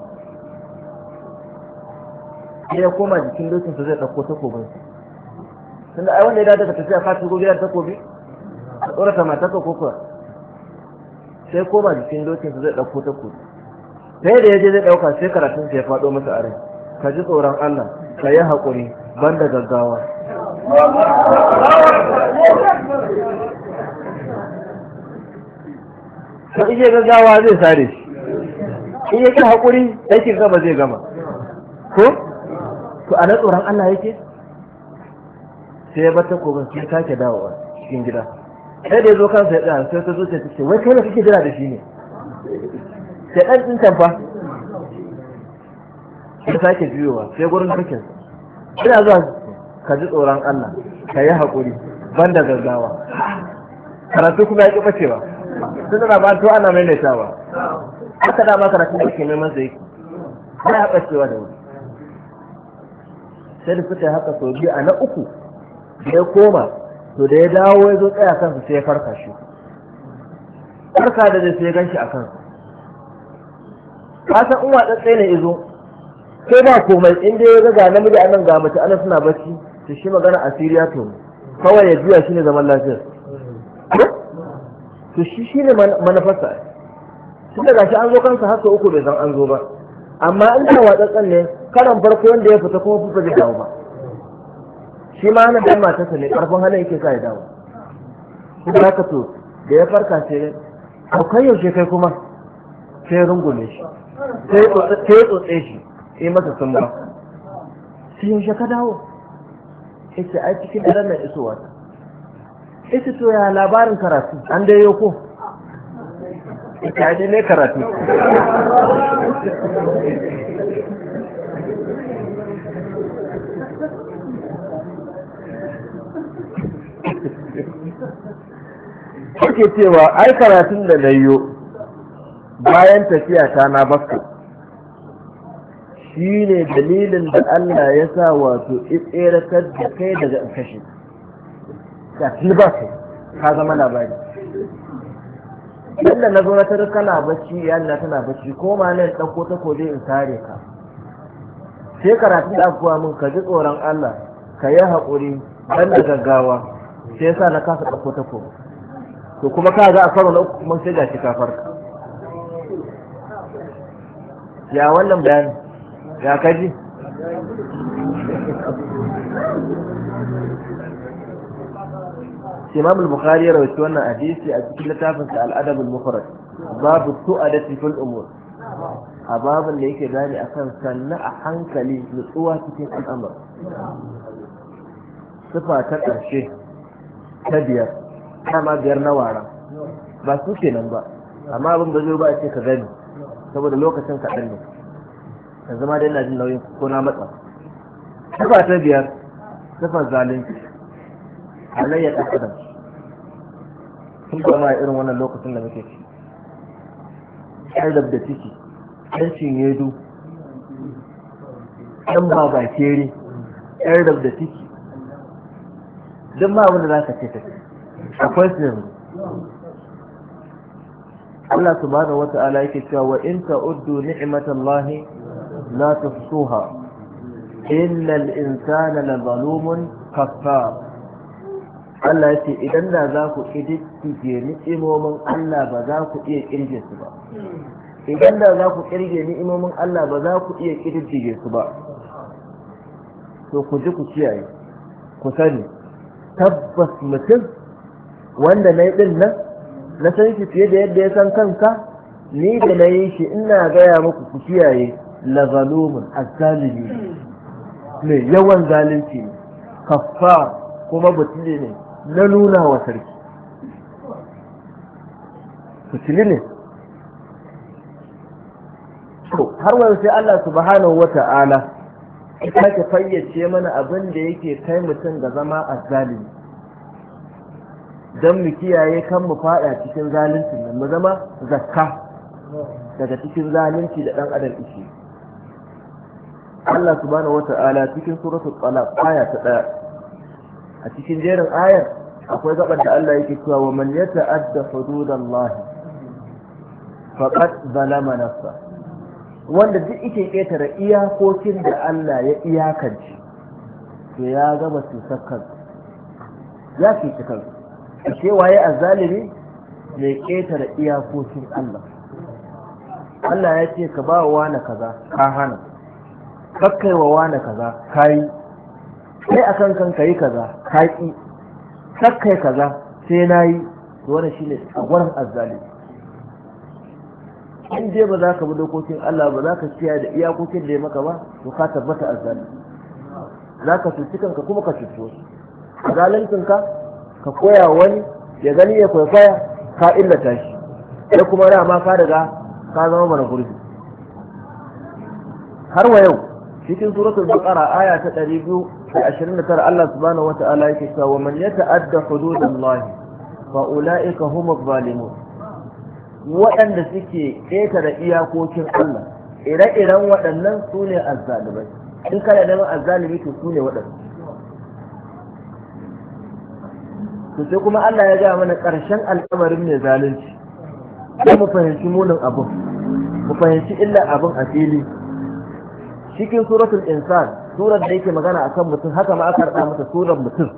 sai ya koma jikin su zai ɗauko takobinsa tunda ai wanda ya daga ka tafiya ka shigo gidan takobi a tsorata mata ko kuwa sai koma jikin su zai ɗauko takobi sai da ya je zai ɗauka sai karatun ya faɗo masa a rai ka ji tsoron Allah ka yi haƙuri banda gaggawa to iya ga gaggawa zai sare shi in yake ki haƙuri aikin gama zai gama ko to a na tsoron Allah yake sai ya bar kogon sai sake dawowa cikin gida sai da ya zo kansa ya tsaya sai ta zo ta ce wai kai ne kake jira da shi ne sai ɗan din tamfa sai sake juyowa sai gurin kakin ina zuwa ka ji tsoron Allah ka yi haƙuri ban da gaggawa karatu kuma ya ƙi ɓacewa sun da ba to ana maimaitawa haka da ba karatun da ke neman zai ya haɓa cewa da wani sai da suka haka sau biyu a na uku da ya koma to da ya dawo ya zo tsaya kansa sai ya farka shi farka da zai sai ya gan shi a kansa Kasan, in watsa tsaye ne izo sai ba komai inda ya ga namiji a nan ga mace ana suna bacci su shi magana siriya to kawai ya juya shi ne zaman lafiya. to shi shi ne manufarsa tun daga shi an zo kansa har uku bai san an zo ba amma in da watsatsan ne karan farko wanda ya fita kuma fufa zai dawo ba shi ma hana dan matarsa ne karfin hana yake sa ya dawo kuma ka to da ya farka sai kai yaushe kai kuma sai rungume shi sai tsotse shi sai masa sun ba sai yaushe ka dawo yace ai cikin daren nan isowa ta ita to ya labarin karatu an dai ko ita ne ne karatu Ake cewa ai karatun da na yiwo bayan tafiya ta na bakka shi ne dalilin da Allah ya sa wato tseratar da kai daga kashi da su ta zama labari yadda na zo na tarar kana bacci na tana bacci ko ma nan ɗauko ta in sare ka sai karatu da abuwa min ka ji tsoron Allah ka yi haƙuri dan da gaggawa sai sa na kasa ɗauko ta koje to kuma ka ga a karo na uku kuma sai ga shi kafar ka ya wannan bayani ya kaji imam al-bukhari ya rawaito wannan hadisi a cikin littafin sa al-adab al-mufrad babu tu'adati fil umur a babin da yake gani akan sanna a hankali nutsuwa cikin al'amur sifa ta ƙarshe ta biyar kama biyar na wara ba su kenan ba amma abin da zai ba a ce ka gani saboda lokacin kaɗan ne ka zama da yana jin nauyin ko na matsa sifa ta biyar sifar zalunci halayya ɗan adam sun ma irin wannan lokacin da muke ci ƙarrab da ciki ɗan cinyedu ɗan babakere ƙarrab da ciki don ma abin da za ka ce ta akwai su yanzu Allah subhanahu wa ta'ala yake cewa wa in ta'uddu ni'matallahi la tuhsuha innal insana la zalumun kafar Allah ya ce idan da za ku ƙididdige ni'imomin Allah ba za ku iya ƙirge su ba idan da za ku kirge ni'imomin Allah ba za ku iya kirge su ba to ku ji ku kiyaye ku sani tabbas mutum wanda na yi ɗin nan na san shi fiye da yadda ya san kanka ni da na yi shi ina gaya muku ku kiyaye la zalumun azzalimi ne yawan zalunci ne kaffa kuma butuli ne na nuna wa sarki fitili ne har wani sai Allah subhanahu wa ta'ala ka fayyace mana abin da yake kai mutum ga zama a zalimi don mu kiyaye kan mu fada cikin zalunci nan mu zama zakka daga cikin zalunci da ɗan adam ishe Allah subhanahu wa ta'ala cikin suratul talaq aya ta ɗaya. a cikin jerin ayar akwai gaban da Allah yake cewa wa man yata'adda hududallahi faqad zalama nafsa wanda duk yake ketare iyakokin da Allah ya iyakance to ya gama su kansa ya ke kansa ke waye azzalimi mai ketare iyakokin Allah Allah ya ce ka ba wa wani kaza ka hana kakkai wa wani kaza ka yi Sai a kan kanka yi kaza ka ƙi kai kaza sai na yi shi ne, a tsagwaron azzali in dai ba za ka bi dokokin Allah ba za ka kiyaye da iyakokin da ya maka ba to ka tabbata azzali za ka cuci kanka kuma ka cuci wasu zalincin ka ka koya wani ya gani ya kwaikwaya ka illata shi ya kuma ma ka daga ka zama mana gurbi har wa yau cikin suratul baqara aya ta ɗari biyu 29 Allah subhanahu wata'ala yake cewa wa man yata'adda hududallahi fa ulaika humuz zalimun waɗanda suke ƙetare iyakokin Allah ire-iren waɗannan su ne azzalibai in kana neman azzalimi to su ne waɗannan to sai kuma Allah ya ga mana ƙarshen al'amarin mai zalunci sai mu fahimci munin abin mu fahimci illar abin a fili cikin suratul insan surar da yake magana a kan mutum haka ma aka raɗa masa surar mutum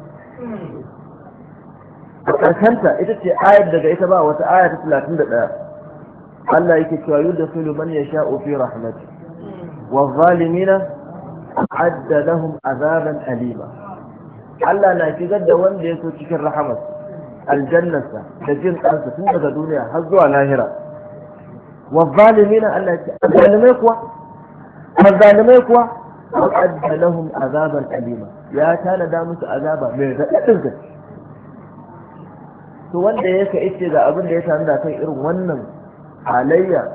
a ƙarshenta ita ce ayar daga ita ba wata aya ta talatin da ɗaya Allah yake cewa yudda sulu man ya sha ofi rahmatu wa zalimina adda lahum azaban alima Allah na shigar da wanda ya so cikin rahamas aljannarsa da jin ƙansa tun daga duniya har zuwa lahira wa zalimina Allah ya ce kuwa A kuwa وأدى لهم عذابا أليما يا كان دامس عذابا من ذلك to wanda ya ka ice ga abin da ya tanda kan irin wannan halayya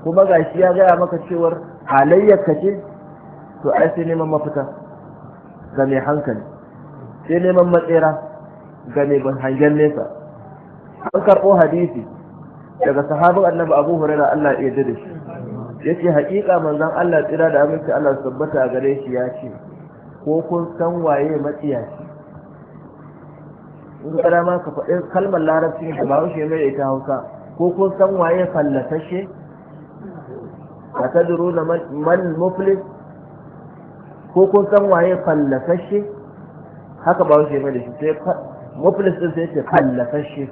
kuma ga shi ya gaya maka cewar halayyar ka ce to ai sai neman mafita ga mai hankali sai neman matsera ga mai hangen nesa an karɓo hadisi daga sahabin annabi abu hurairah Allah ya da shi yace haƙiƙa manzan Allah tsira da aminci Allah tabbata a gare shi ya ce ko kun san waye matsiyaci in kada ma ka faɗi kalmar larabci da ba shi mai ita Hausa ko kun san waye fallatashe ka tadru na man muflis ko kun san waye fallatashe haka ba shi mai da shi sai muflis din sai ce fallatashe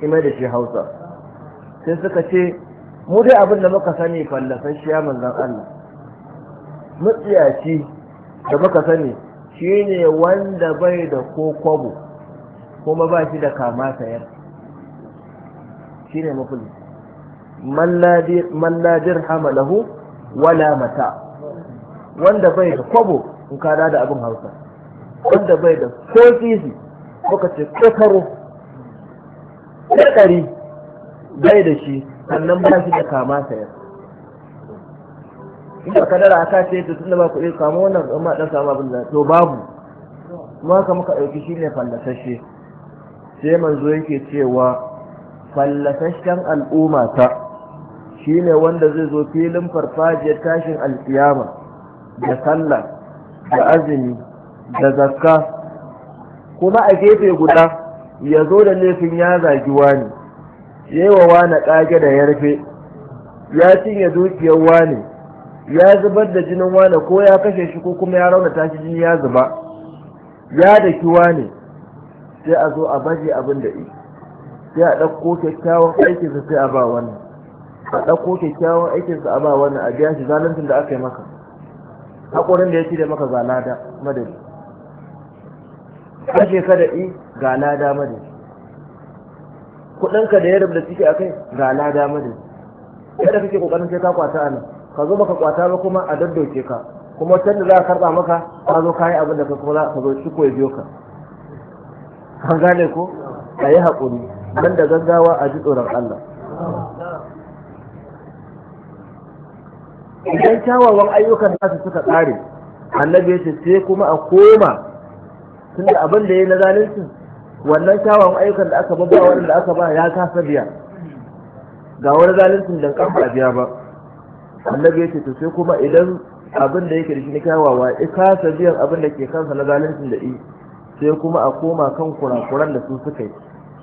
shi mai da shi Hausa sai suka ce mu dai abin da muka sani fallasasshiya manzan Allah mutsiyaci da muka sani shine wanda bai da ko kwabo kuma ba shi da kama sayar Shi ne mafi malladir hamalahu wala mata wanda bai da kwabo in kada da abin hausa wanda bai da ko sisi muka ce kokaro ɗari bai da shi sannan ba shi da kama sayar in ka kadara aka ce to tunda ba kuɗi kama wannan in ma dan samu abin da to babu kuma haka muka dauki shi ne fallasashe sai manzo yake cewa fallasashen al'umma ta shine wanda zai zo filin farfajiyar tashin alkiyama da sallah da azumi da zakka kuma a gefe guda ya zo da laifin ya zagi wani wa wani ƙage da yarfe ya cinye dukiyar wani ya zubar da jinin wani ko ya kashe shi ko kuma ya raunata shi jini ya zuba ya daki wani sai a zo a baje abin da sai a ɗauko kyakkyawan aikinsa sai a ba wannan a ɗauko kyakkyawan aikinsa a ba wannan a biya shi zalantin da aka yi maka haƙurin da ya cire maka ga lada madadi kashe ka da i ga lada madadi Kudinka da ya rubuta ciki a kai ga lada madu yadda kake kokarin sai ka kwata a nan ka zo baka kwata ba kuma a daddoke ka kuma can da za a karɓa maka ka zo kayi abin da ka kula ka zo ciko ya biyo ka an gane ko a yi haƙuri nan da gaggawa a ji tsoron Allah idan kyawawan ayyukan su suka kare annabi ya ce sai kuma a koma tunda abin da ya na zalincin wannan kyawawan ayyukan da aka ba ba wanda aka ba ya kasa biya ga wani zalincin da kan ba biya ba annabi yake to sai kuma idan abin da yake da shi kyawawa ya kasa biyan abin da ke kansa na zalincin da i sai kuma a koma kan kurakuran da su suka yi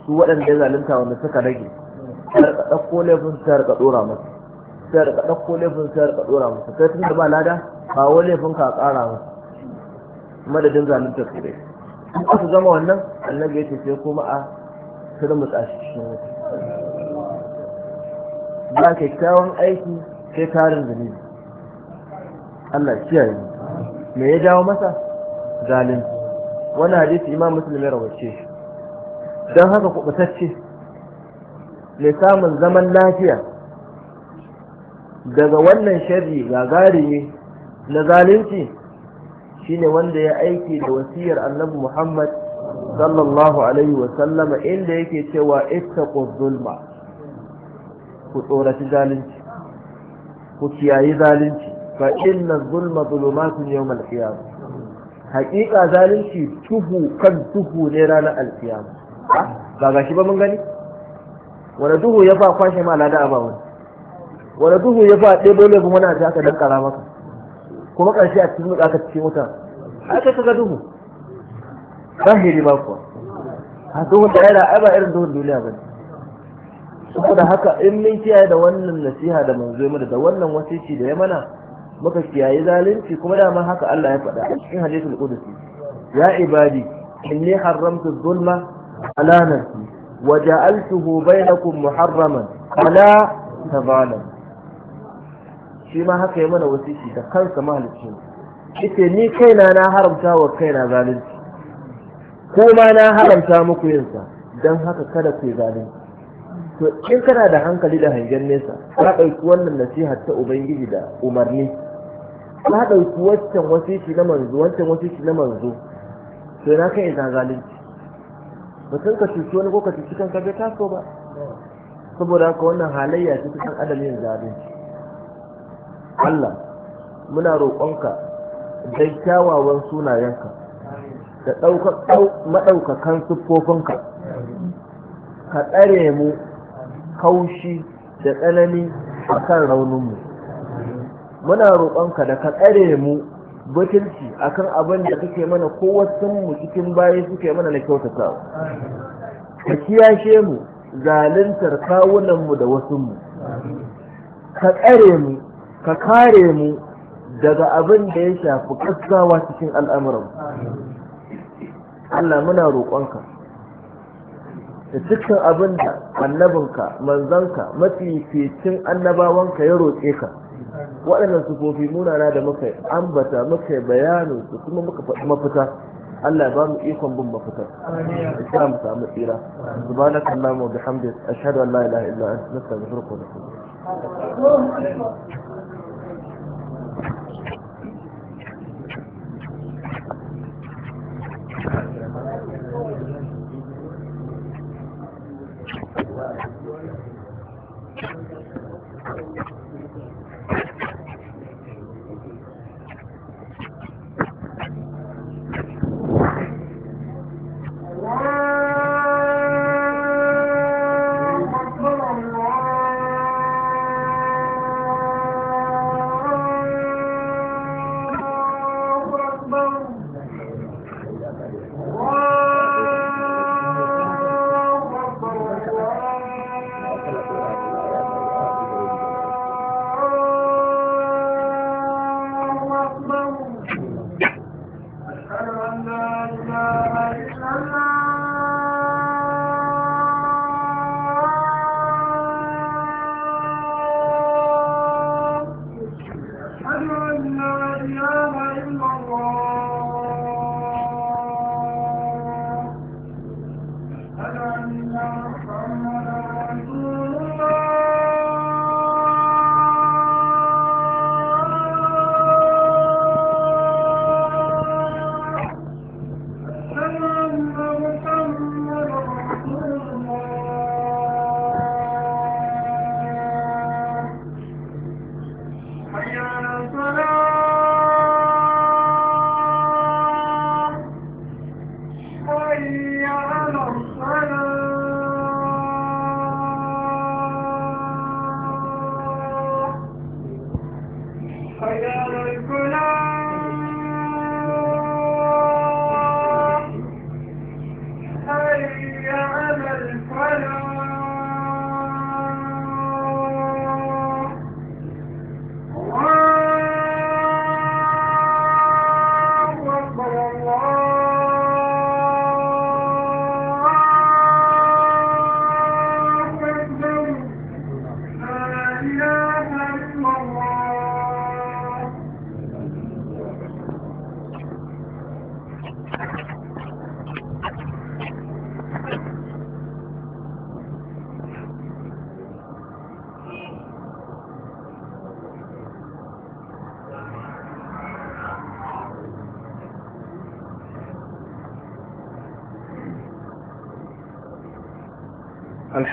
su waɗanda ya zalinta wanda suka rage sai ka ɗauko laifin sai ka ɗora masa sai ka ɗauko laifin sai ka ɗora masa kai tun da ba lada ba wani laifin ka ƙara masa madadin zalunta su dai in aka zama wannan annabi ya ce kuma a turmutsa a cikin wuta ba kyakkyawan aiki sai tarin zunubi Allah kiyaye me ya jawo masa zalim Wani hadisi imam muslim ya rawace don haka kubutacce mai samun zaman lafiya daga wannan sharri ne. na zalunci shine wanda ya aiki da wasiyar annabi Muhammad sallallahu alaihi wa sallama inda yake cewa ittaqu zulma ku tsoraci zalunci ku kiyayi zalunci fa inna zulma zulumatun yawm al-qiyam haqiqa zalunci tuhu kan tuhu ne ranar al-qiyam ba shi ba mun gani wala duhu ya fa kwashe ma lada ba wani wani duhu ya fa dole lebin wani a ta aka dankara maka kuma ƙarshe a cikin ka cikin wuta ai kai kaga duhu zahiri ba kuwa a duhun da yana ai ba irin duhun duniya ba saboda haka in mun kiyaye da wannan nasiha da manzo mana da wannan wasici da ya mana muka kiyaye zalunci kuma dama haka Allah ya faɗa a cikin hadisul qudsi ya ibadi inni haramtu dhulma ala nafsi wa ja'altuhu bainakum muharraman ala tazalam shi ma haka ya mana shi da kansa mahalicci yace ni kaina na haramta wa kaina zalunci ma na haramta muku yinsa don haka kada ku zalunci to in kana da hankali da hangen nesa ka ɗauki wannan nasiha ta ubangiji da umarni ka ɗauki wancan shi na manzo wancan shi na manzo to na kai ina zalunci mutum ka cuci wani ko ka cuci kanka bai taso ba saboda haka wannan halayya ce ta kan adam zalunci Allah muna roƙonka dai kyawawan sunayenka da maɗaukakan siffofinka ka tsare mu kaushi da tsanani a kan rauninmu muna roƙonka da ka tsare mu a akan abin da suke mana ko mu cikin bayi suke mana na kyautata. ka kiyashe mu zaluntar kawunanmu da wasunmu ka tsare mu ka kare mu daga abin da ya shafi kasgawa cikin al'amuran Allah muna roƙonka da cikin abin da annabinka manzanka fecin annabawanka ya roƙe ka waɗannan sufofi na da muka ambata muka bayanin su kuma muka faɗi mafita Allah ba mu ikon bin mafita isra mu samu tsira subhanaka allahumma wa bihamdika ashhadu an la ilaha illa anta astaghfiruka wa atubu Thank you.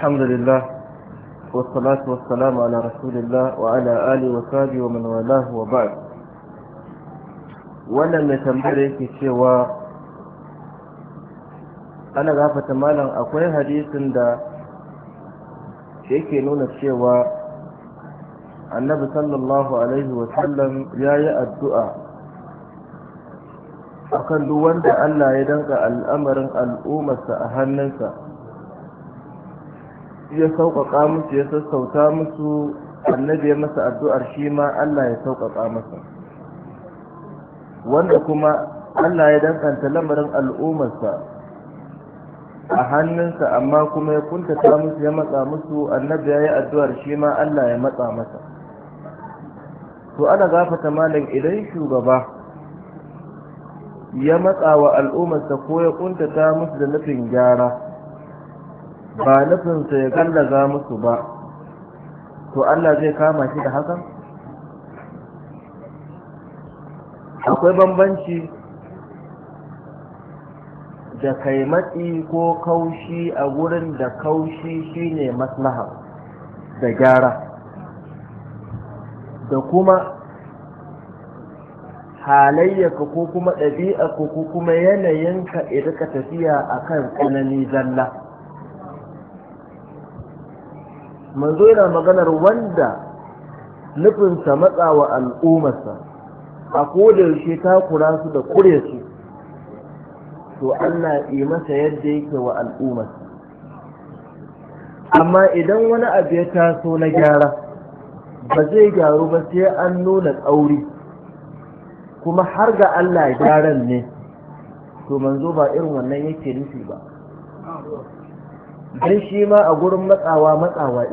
الحمد mai tambayar yake cewa ana gafata malam akwai hadisin da yake nuna cewa annabi sallallahu ya yi addu'a akan duk wanda Allah ya danka al'amarin al'ummarsa a hannunsa ya sauƙaƙa musu ya sassauta musu annabi ya masa addu'ar shi ma Allah ya sauƙaƙa masa wanda kuma Allah ya danganta lamarin al'ummarsa a hannunsa amma kuma ya kuntata musu ya matsa musu annabi ya yi addu'ar shi ma Allah ya matsa masa to ana gafata malam idan shugaba ya matsa wa al'ummarsa ko ya kuntata musu da nufin gyara ba nufinsa ya gallaza musu ba to Allah zai kama shi da hakan akwai bambanci da kaimatsi ko kaushi a gurin da kaushi shine maslaha da gyara da kuma halayyarka ko kuma ɗabi'arka ko kuma yanayinka ka tafiya akan tsanani zalla manzo yana maganar wanda nufinsa matsa wa al'ummarsa a kodayaushe takura su da kure su to Allah yi masa yadda yake wa al'ummarsa amma idan wani abu ya taso na gyara ba zai gyaru ba sai an nuna tsauri kuma har ga Allah gyaran ne to manzo ba irin wannan yake nufi ba don shi ma a gurin matsawa matsawa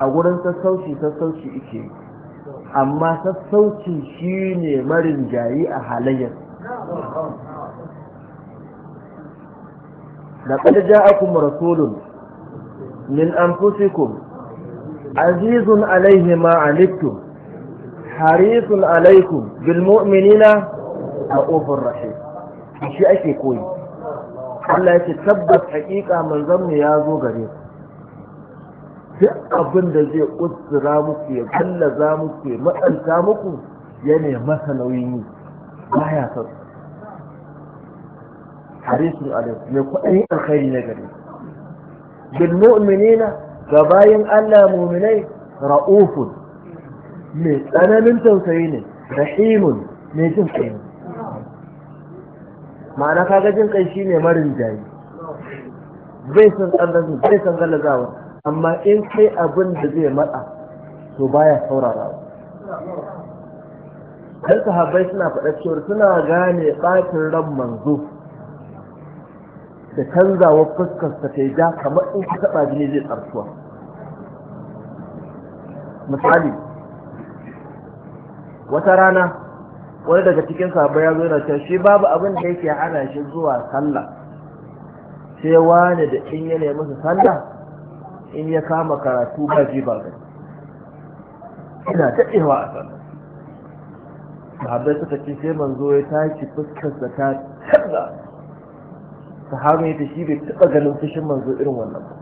a gurin sassauci sassauci ike amma sassauci shi ne marin jayi a halayyar da kada ja'akum rasulun min anfusikum azizun alaihi ma alittum harisun alaikum bil mu'minina a ofin rashe shi ake koyi Allah ya ce tabbas hakika manzon mu ya zo gare ku duk abin da zai ustura muku ya kallaza muku ya matsanta muku ya ne masa nauyin yi baya son harisun alaikum mai kwaɗayin alkhairi na gare bil mu'minina ga bayan Allah mu'minai ra'ufun mai tsananin tausayi ne rahimun mai jin kai ne ma'ana kaga jin kai shine marin jayi Zai san tsallazu bai san galazawa amma in kai abin da zai matsa to baya saurara dan sahabbai suna faɗa cewa suna gane ɓacin ran manzo da canzawa fuskar ta kai ja kamar in ka taɓa jini zai tsarsuwa misali wata rana wani daga cikin sahabbai ya zo yana cewa shi babu abin da yake hana shi zuwa sallah sai wani da in ya nemi su sallah in ya kama karatu ba ji ba gani ina daɗewa a sallah sahabbai suka ce sai manzo ya tashi fuskarsa ta canza sahabi ya shi bai taɓa ganin fushin manzo irin wannan ba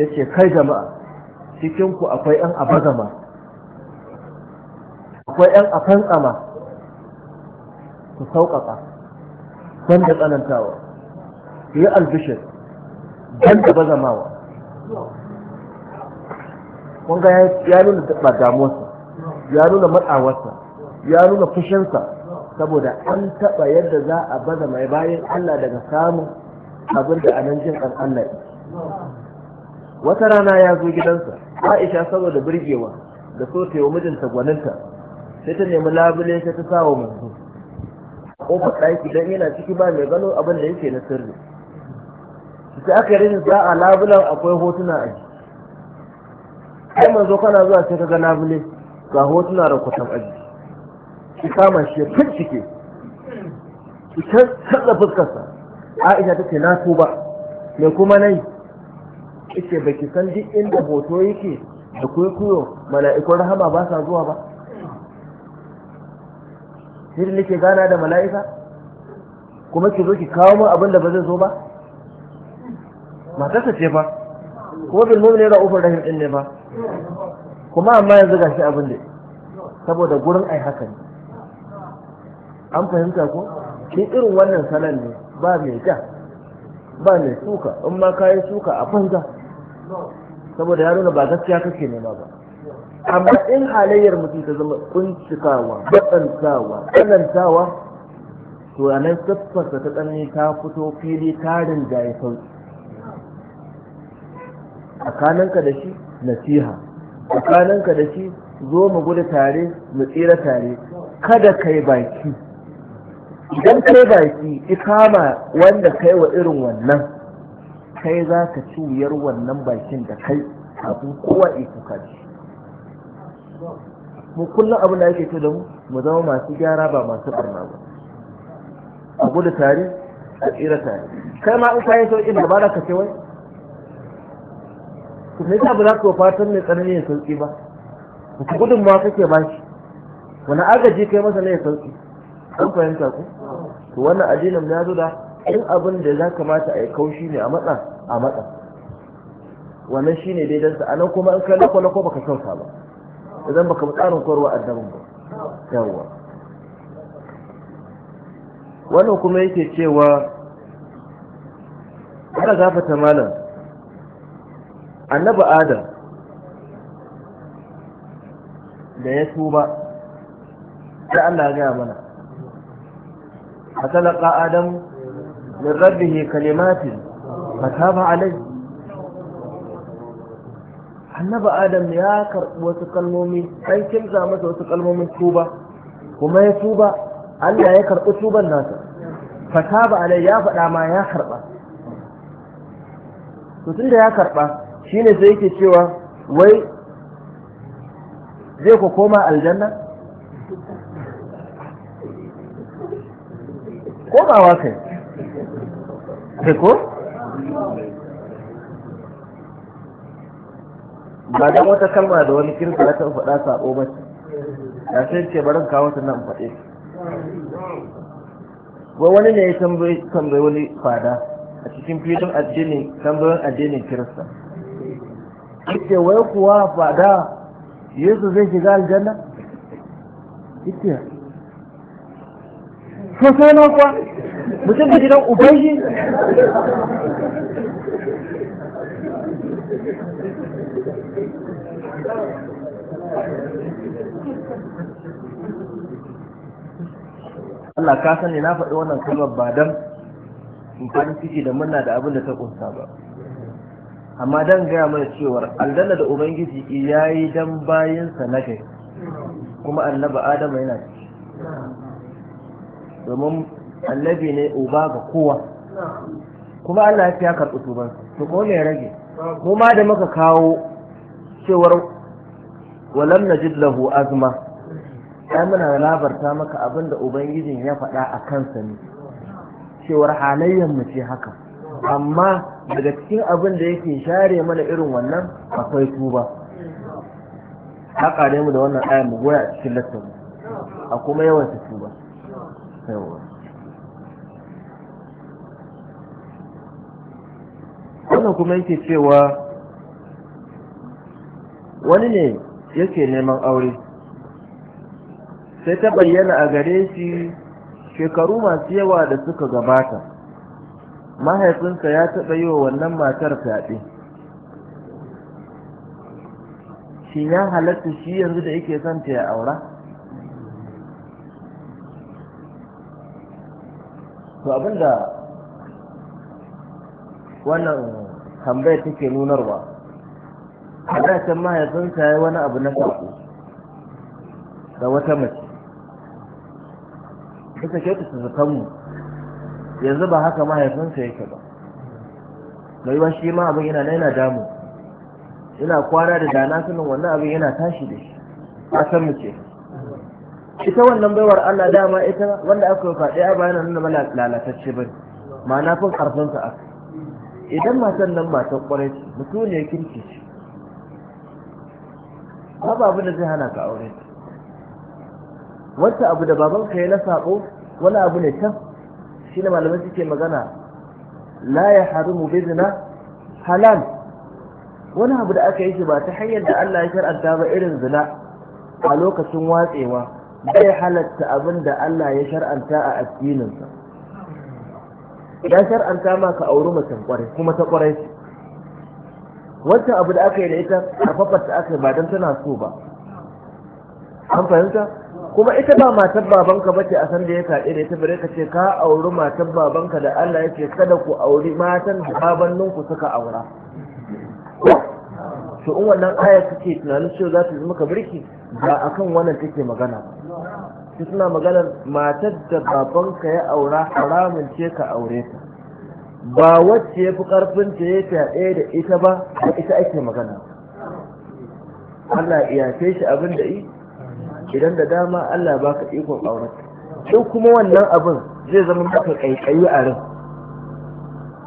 ya ce kai jama'a cikin ku akwai 'yan abagama akwai yan a tsama ku sauƙaƙa don da tsanantawa ku yi albishir don da bazamawa kun ya nuna taɓa damuwarsa ya nuna matsawarsa ya nuna fushinsa saboda an taɓa yadda za a baza mai bayan Allah daga samun abin da anan jin ɗan Allah wata rana ya zo gidansa Aisha saboda birgewa da so ta yi mijinta gwaninta sai ta nemi labule sai ta sa wa manzo kofar ɗaki don yana ciki ba mai gano abin da yake na sirri sai aka yi Za a labulan akwai hotuna a ji ai manzo kana zuwa sai ka ga labule ga hotuna da kwatan aji ki kama shi ya fincike ki canza fuskarsa aisha ta ce na tuba me kuma nai Ba ki san duk inda hoto yake da kwaikwayo mala'ikun rahama ba sa zuwa ba sai da nake gana da mala'ika kuma ki zo ki kawo min abin da ba zai zo ba matarsa ce fa kuma bil ne ra'ufin rahim din ne ba kuma amma yanzu gashi abin da saboda gurin ai haka ne an fahimta ko shi irin wannan salon ne ba mai ja ba mai suka in ma kayi suka a fahimta saboda ya nuna ba gaskiya kake nema ba amma in halayyar mutum ta zama kuncikawa batsantawa tsanantawa to a nan siffarsa ta tsanani ta fito fili tarin da ya sauki tsakaninka da shi nasiha tsakaninka da shi zo mu gudu tare mu tsira tare kada kai baki idan kai baki ikama wanda kai wa irin wannan kai za ka ci wuyar wannan bakin da kai kafin kowa ikuka shi mu kullum abin da yake to da mu mu zama masu gyara ba masu barna ba a gudu tare a tsira tare kai ma in ka yi sauƙin da ba za ka ce wai ku ne ta ba za fatan mai tsanani ya sauƙi ba ku gudun ma kake ba shi wani agaji kai masa ne ya sauƙi an fahimta ku to wannan addinin ya zo da in abin da za kamata a yi kaushi ne a matsa a matsa wannan shine daidansa a nan kuma in kai lako-lako baka kyauta ba idan baka tsarin a daban ba yawa wannan kuma yake cewa ana gafata malam annabi adam da ya tuba sai Allah gaya mana a talaka adam min rabbihi kalimatin fataba alayhi annabi adam ya karɓi wasu kalmomi an kimsa masa wasu kalmomin tuba kuma ya tuba Allah ya karɓi tuban nasa fata ba alai ya faɗa ma ya karɓa to tunda ya karɓa shine sai yake cewa wai zai ku koma aljanna komawa kai ko ba dan wata kalma da wani kirki ya taɓa faɗa sabo ba ce ya sai ce barin kawo ta nan faɗe ba wani ne ya tambayi wani fada a cikin filin addinin tambayin addinin kirista ita wai kuwa fada yesu zai shiga aljanna ita sosai na kuwa mutum da gidan ubangi Allah ka sani na faɗi wannan kalmar ba dan in fara ciki da murna da abin da ta kunsa ba amma dan gaya mana cewar aljanna da ubangiji ya yi dan bayinsa na kai kuma annaba adama yana ciki domin annabi ne uba ga kowa kuma Allah ya karɓi tuban to ko ne rage mu ma da muka kawo cewar walam najid lahu azma ai muna labarta maka abin da ubangijin ya faɗa a kansa ne cewar halayyar mu ce haka amma daga cikin abin da yake share mana irin wannan akwai tuba haka ne mu da wannan ayan mu goya a cikin lattar a kuma yawan su tuba wannan kuma yake cewa wani ne yake neman aure sai ta bayyana a gare shi shekaru masu yawa da suka gabata mahaifinsa ya taɓa yi wa wannan matar fyaɗe shi ya halatta shi yanzu da yake son ta ya aura to abinda wannan tambayar take nunarwa a mahaifinsa ya yi wani abu na saƙo da wata mace suka su zatanmu yanzu ba haka mahaifinsa yake ba mai ba shi ma abin yana na yana damu yana kwana da dana sunan wannan abin yana tashi da shi a san mu ce ita wannan baiwar Allah dama ita wanda aka faɗi a bayan nuna mala lalatacce ba ma'ana fin ƙarfinsa aka idan matan nan ba ta kwarai ce mutum ne kirki ce ba abin da zai hana ka aure ta wata abu da babanka ya na sako wani abu ne can shi ne malamai suke magana la ya harimu bizina halal wani abu da aka yi shi ba ta hanyar da Allah ya shar'anta ba irin zina a lokacin watsewa bai halatta abin da Allah ya shar'anta a addininsa ya shar'anta ma ka auri mutum kwarai kuma ta kwarai shi. wancan abu da aka yi da ita a fafata aka yi ba don tana so ba an fahimta kuma ita ba matar babanka ba ce a san da ya kaɗe da ita bare ka ce ka auri matar babanka da Allah ya ce kada ku auri matan da babanninku suka aura to in wannan aya take tunanin cewa za ta zama ka birki ba akan wannan take magana ba suna magana matar da babanka ya aura haramun ce ka aure ta ba wacce ya fi karfin ta ya fyaɗe da ita ba ita ake magana Allah iyace ce shi abin da yi idan da dama Allah baka ikon auren sai kuma wannan abin zai zama maka kaikayi a rai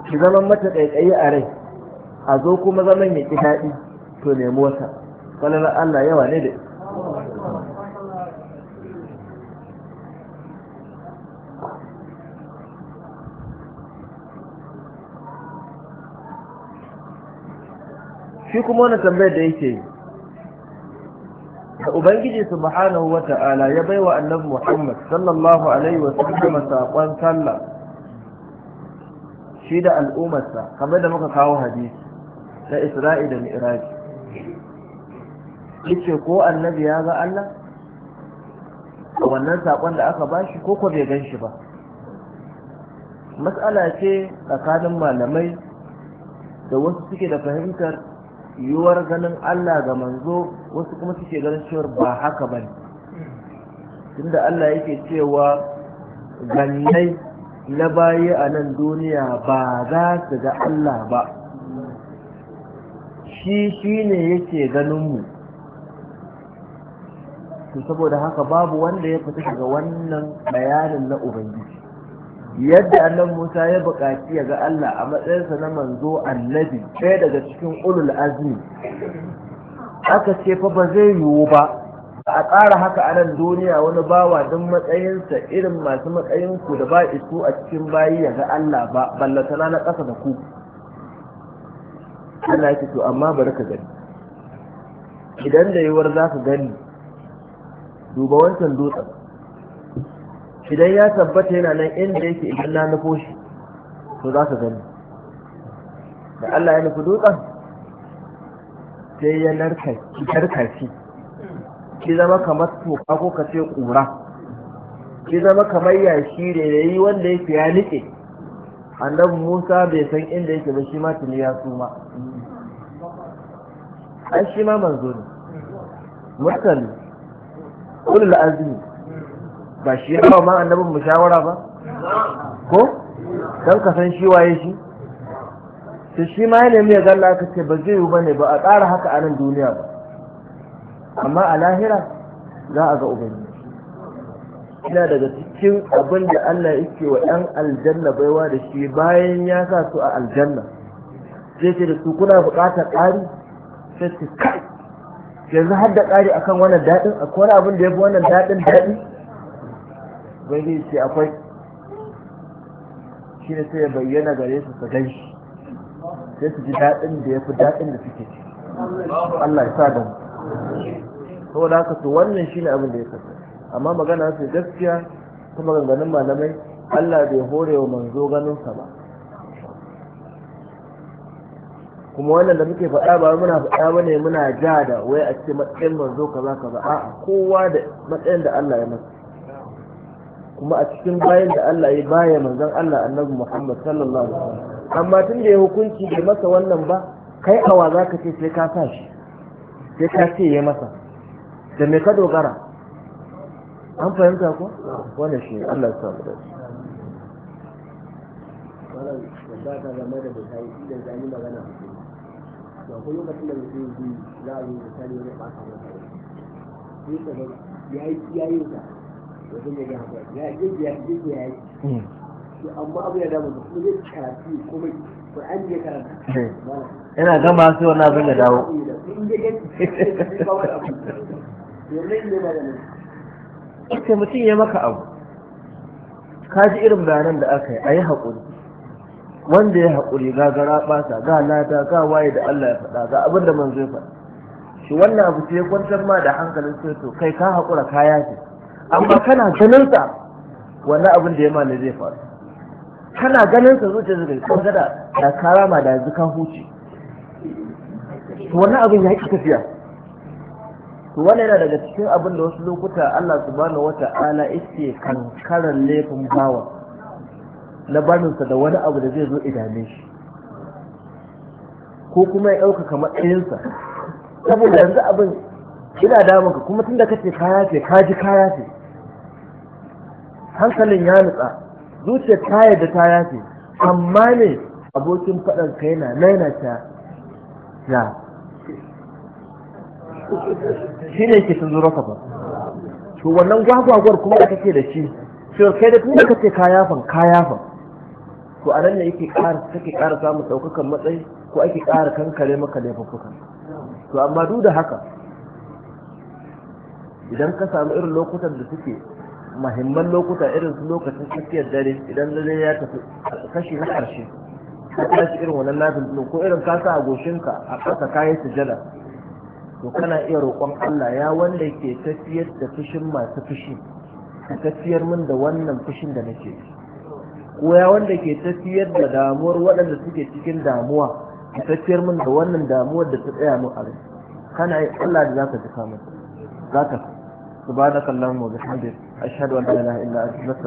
ki zama mata kaikayi a rai a zo kuma zaman ya ki daɗi to nemi wata kwallon Allah yawa ne da shi kuma wani tambayar da yake yi da ubangiji subhanahu wata'ala ya baiwa annabi muhammad sallallahu alaihi wa sallam sakon sallah shi da al'ummarsa kamar da muka kawo hadisi na isra'i da mi'raji yace ko annabi ya ga Allah wannan sakon da aka bashi ko ko bai gan shi ba mas'ala ce tsakanin malamai da wasu suke da fahimtar yiwuwar ganin Allah ga manzo wasu kuma suke ganin cewar ba haka ba ne tunda Allah yake cewa gannai na baye a nan duniya ba za su ga Allah ba shi shi ne yake ganinmu to saboda haka babu wanda ya fita daga wannan bayanin na Ubangiji yadda annabi Musa ya buƙaci ya ga Allah a matsayinsa na manzo annabi ɗaya daga cikin ulul azmi aka ce fa ba zai yiwu ba a ƙara haka a nan duniya wani bawa don matsayinsa irin masu matsayin da ba isu a cikin bayi ya ga Allah ba ballatana na ƙasa da ku Allah ya to amma bari ka gani idan da yiwuwar za ka gani duba wancan dutsen idan ya tabbata yana nan inda yake idan na nufo shi to za ka gani da Allah ya nufi dutsen sai ya narka shi ki zama kamar toka ko ka ce kura. ki zama kamar yashi da yi wanda yake ya nike annabi Musa bai san inda yake ba shi ma tuni ya suma ai shi ma manzo ne mutane ulul azmi ba shi ya ma annabin mu shawara ba ko dan ka san shi waye shi to shi ma ya nemi ya ga ce ba zai yi ba ne ba a tsara haka a nan duniya ba amma a lahira za a ga ubangiji ina daga cikin abin da Allah yake wa ɗan aljanna baiwa da shi bayan ya sa su a aljanna sai ce da su kuna buƙatar ƙari sai su kai yanzu har da ƙari akan wannan daɗin akwai wani abin da ya fi wannan daɗin daɗi ubangiji ce akwai shi ne sai ya bayyana gare su su gan shi sai su ji daɗin da ya fi daɗin da suke ci Allah ya sa da mu saboda haka to wannan shi ne abin da ya kasa amma magana su gaskiya ta maganganun malamai Allah bai hore wa manzo ganinsa ba kuma wannan da muke faɗa ba muna faɗa ba ne muna ja da wai a ce matsayin manzo kaza kaza a'a kowa da matsayin da Allah ya masa kuma a cikin bayan da Allah ya baya manzon Allah annabi Muhammad sallallahu alaihi wasallam amma tun da ya hukunci bai masa wannan ba kai awa za ka ce sai ka sa shi sai ka ce ya masa da me ka dogara an fahimta ko wanda shi Allah ya samu da shi ba da idan magana lokacin da yi za a ya yi yi wajen ya gaya ya ya ya yi hmm. amma abu ya damu da kuma zai kuma karanta hmm. yana gama sai wani abin da dawo ita *laughs* mutum ya maka abu ka ji irin bayanan da aka yi a yi haƙuri wanda ya haƙuri ga gara ɓasa ga lada ga waye da Allah ya faɗa ga abin da manzo ya faɗa shi wannan abu sai kwantar ma da hankalin sai to kai ka haƙura kaya ce amma kana ganin sa wannan abin da ya mani zai faru kana ganin sa zuciya zuga ko gada da karama da yanzu ka huce to wannan abin ya ki tafiya to wannan yana daga cikin abin da wasu lokuta Allah subhanahu wata'ala yake kankaran laifin bawa na sa da wani abu da zai zo idame shi ko kuma ya ɗayan matsayinsa saboda yanzu abin ina damunka kuma tun da kace kaya ce ka ji kaya ce hankalin ya nutsa zuciyar ta yadda ta yafe amma ne abokin faɗan ka yana naina ta ya shi ne ke sun zuro ka ba to wannan gwagwagwar kuma da kake da shi to kai da tun da kace ka yafan ka yafan to anan ne yake ƙara take ƙara samun ɗaukakan matsayi ko ake ƙara kankare maka laifuffukan to amma duk da haka idan ka samu irin lokutan da suke mahimman lokuta irin su lokacin tsakiyar dare idan dare ya tafi kashi na ƙarshe ka tashi irin wannan nafin ko irin ka sa a goshinka a ƙasa kayan sujada to kana iya roƙon Allah ya wanda ke tafiyar da fushin masu fushi ka tafiyar min da wannan fushin da nake ko ya wanda ke tafiyar da damuwar waɗanda suke cikin damuwa ka tafiyar min da wannan damuwar da ta tsaya min a rai kana yi Allah da zaka ji kamar zaka subhanakallahumma wa bihamdika أشهد أن لا إله إلا أنت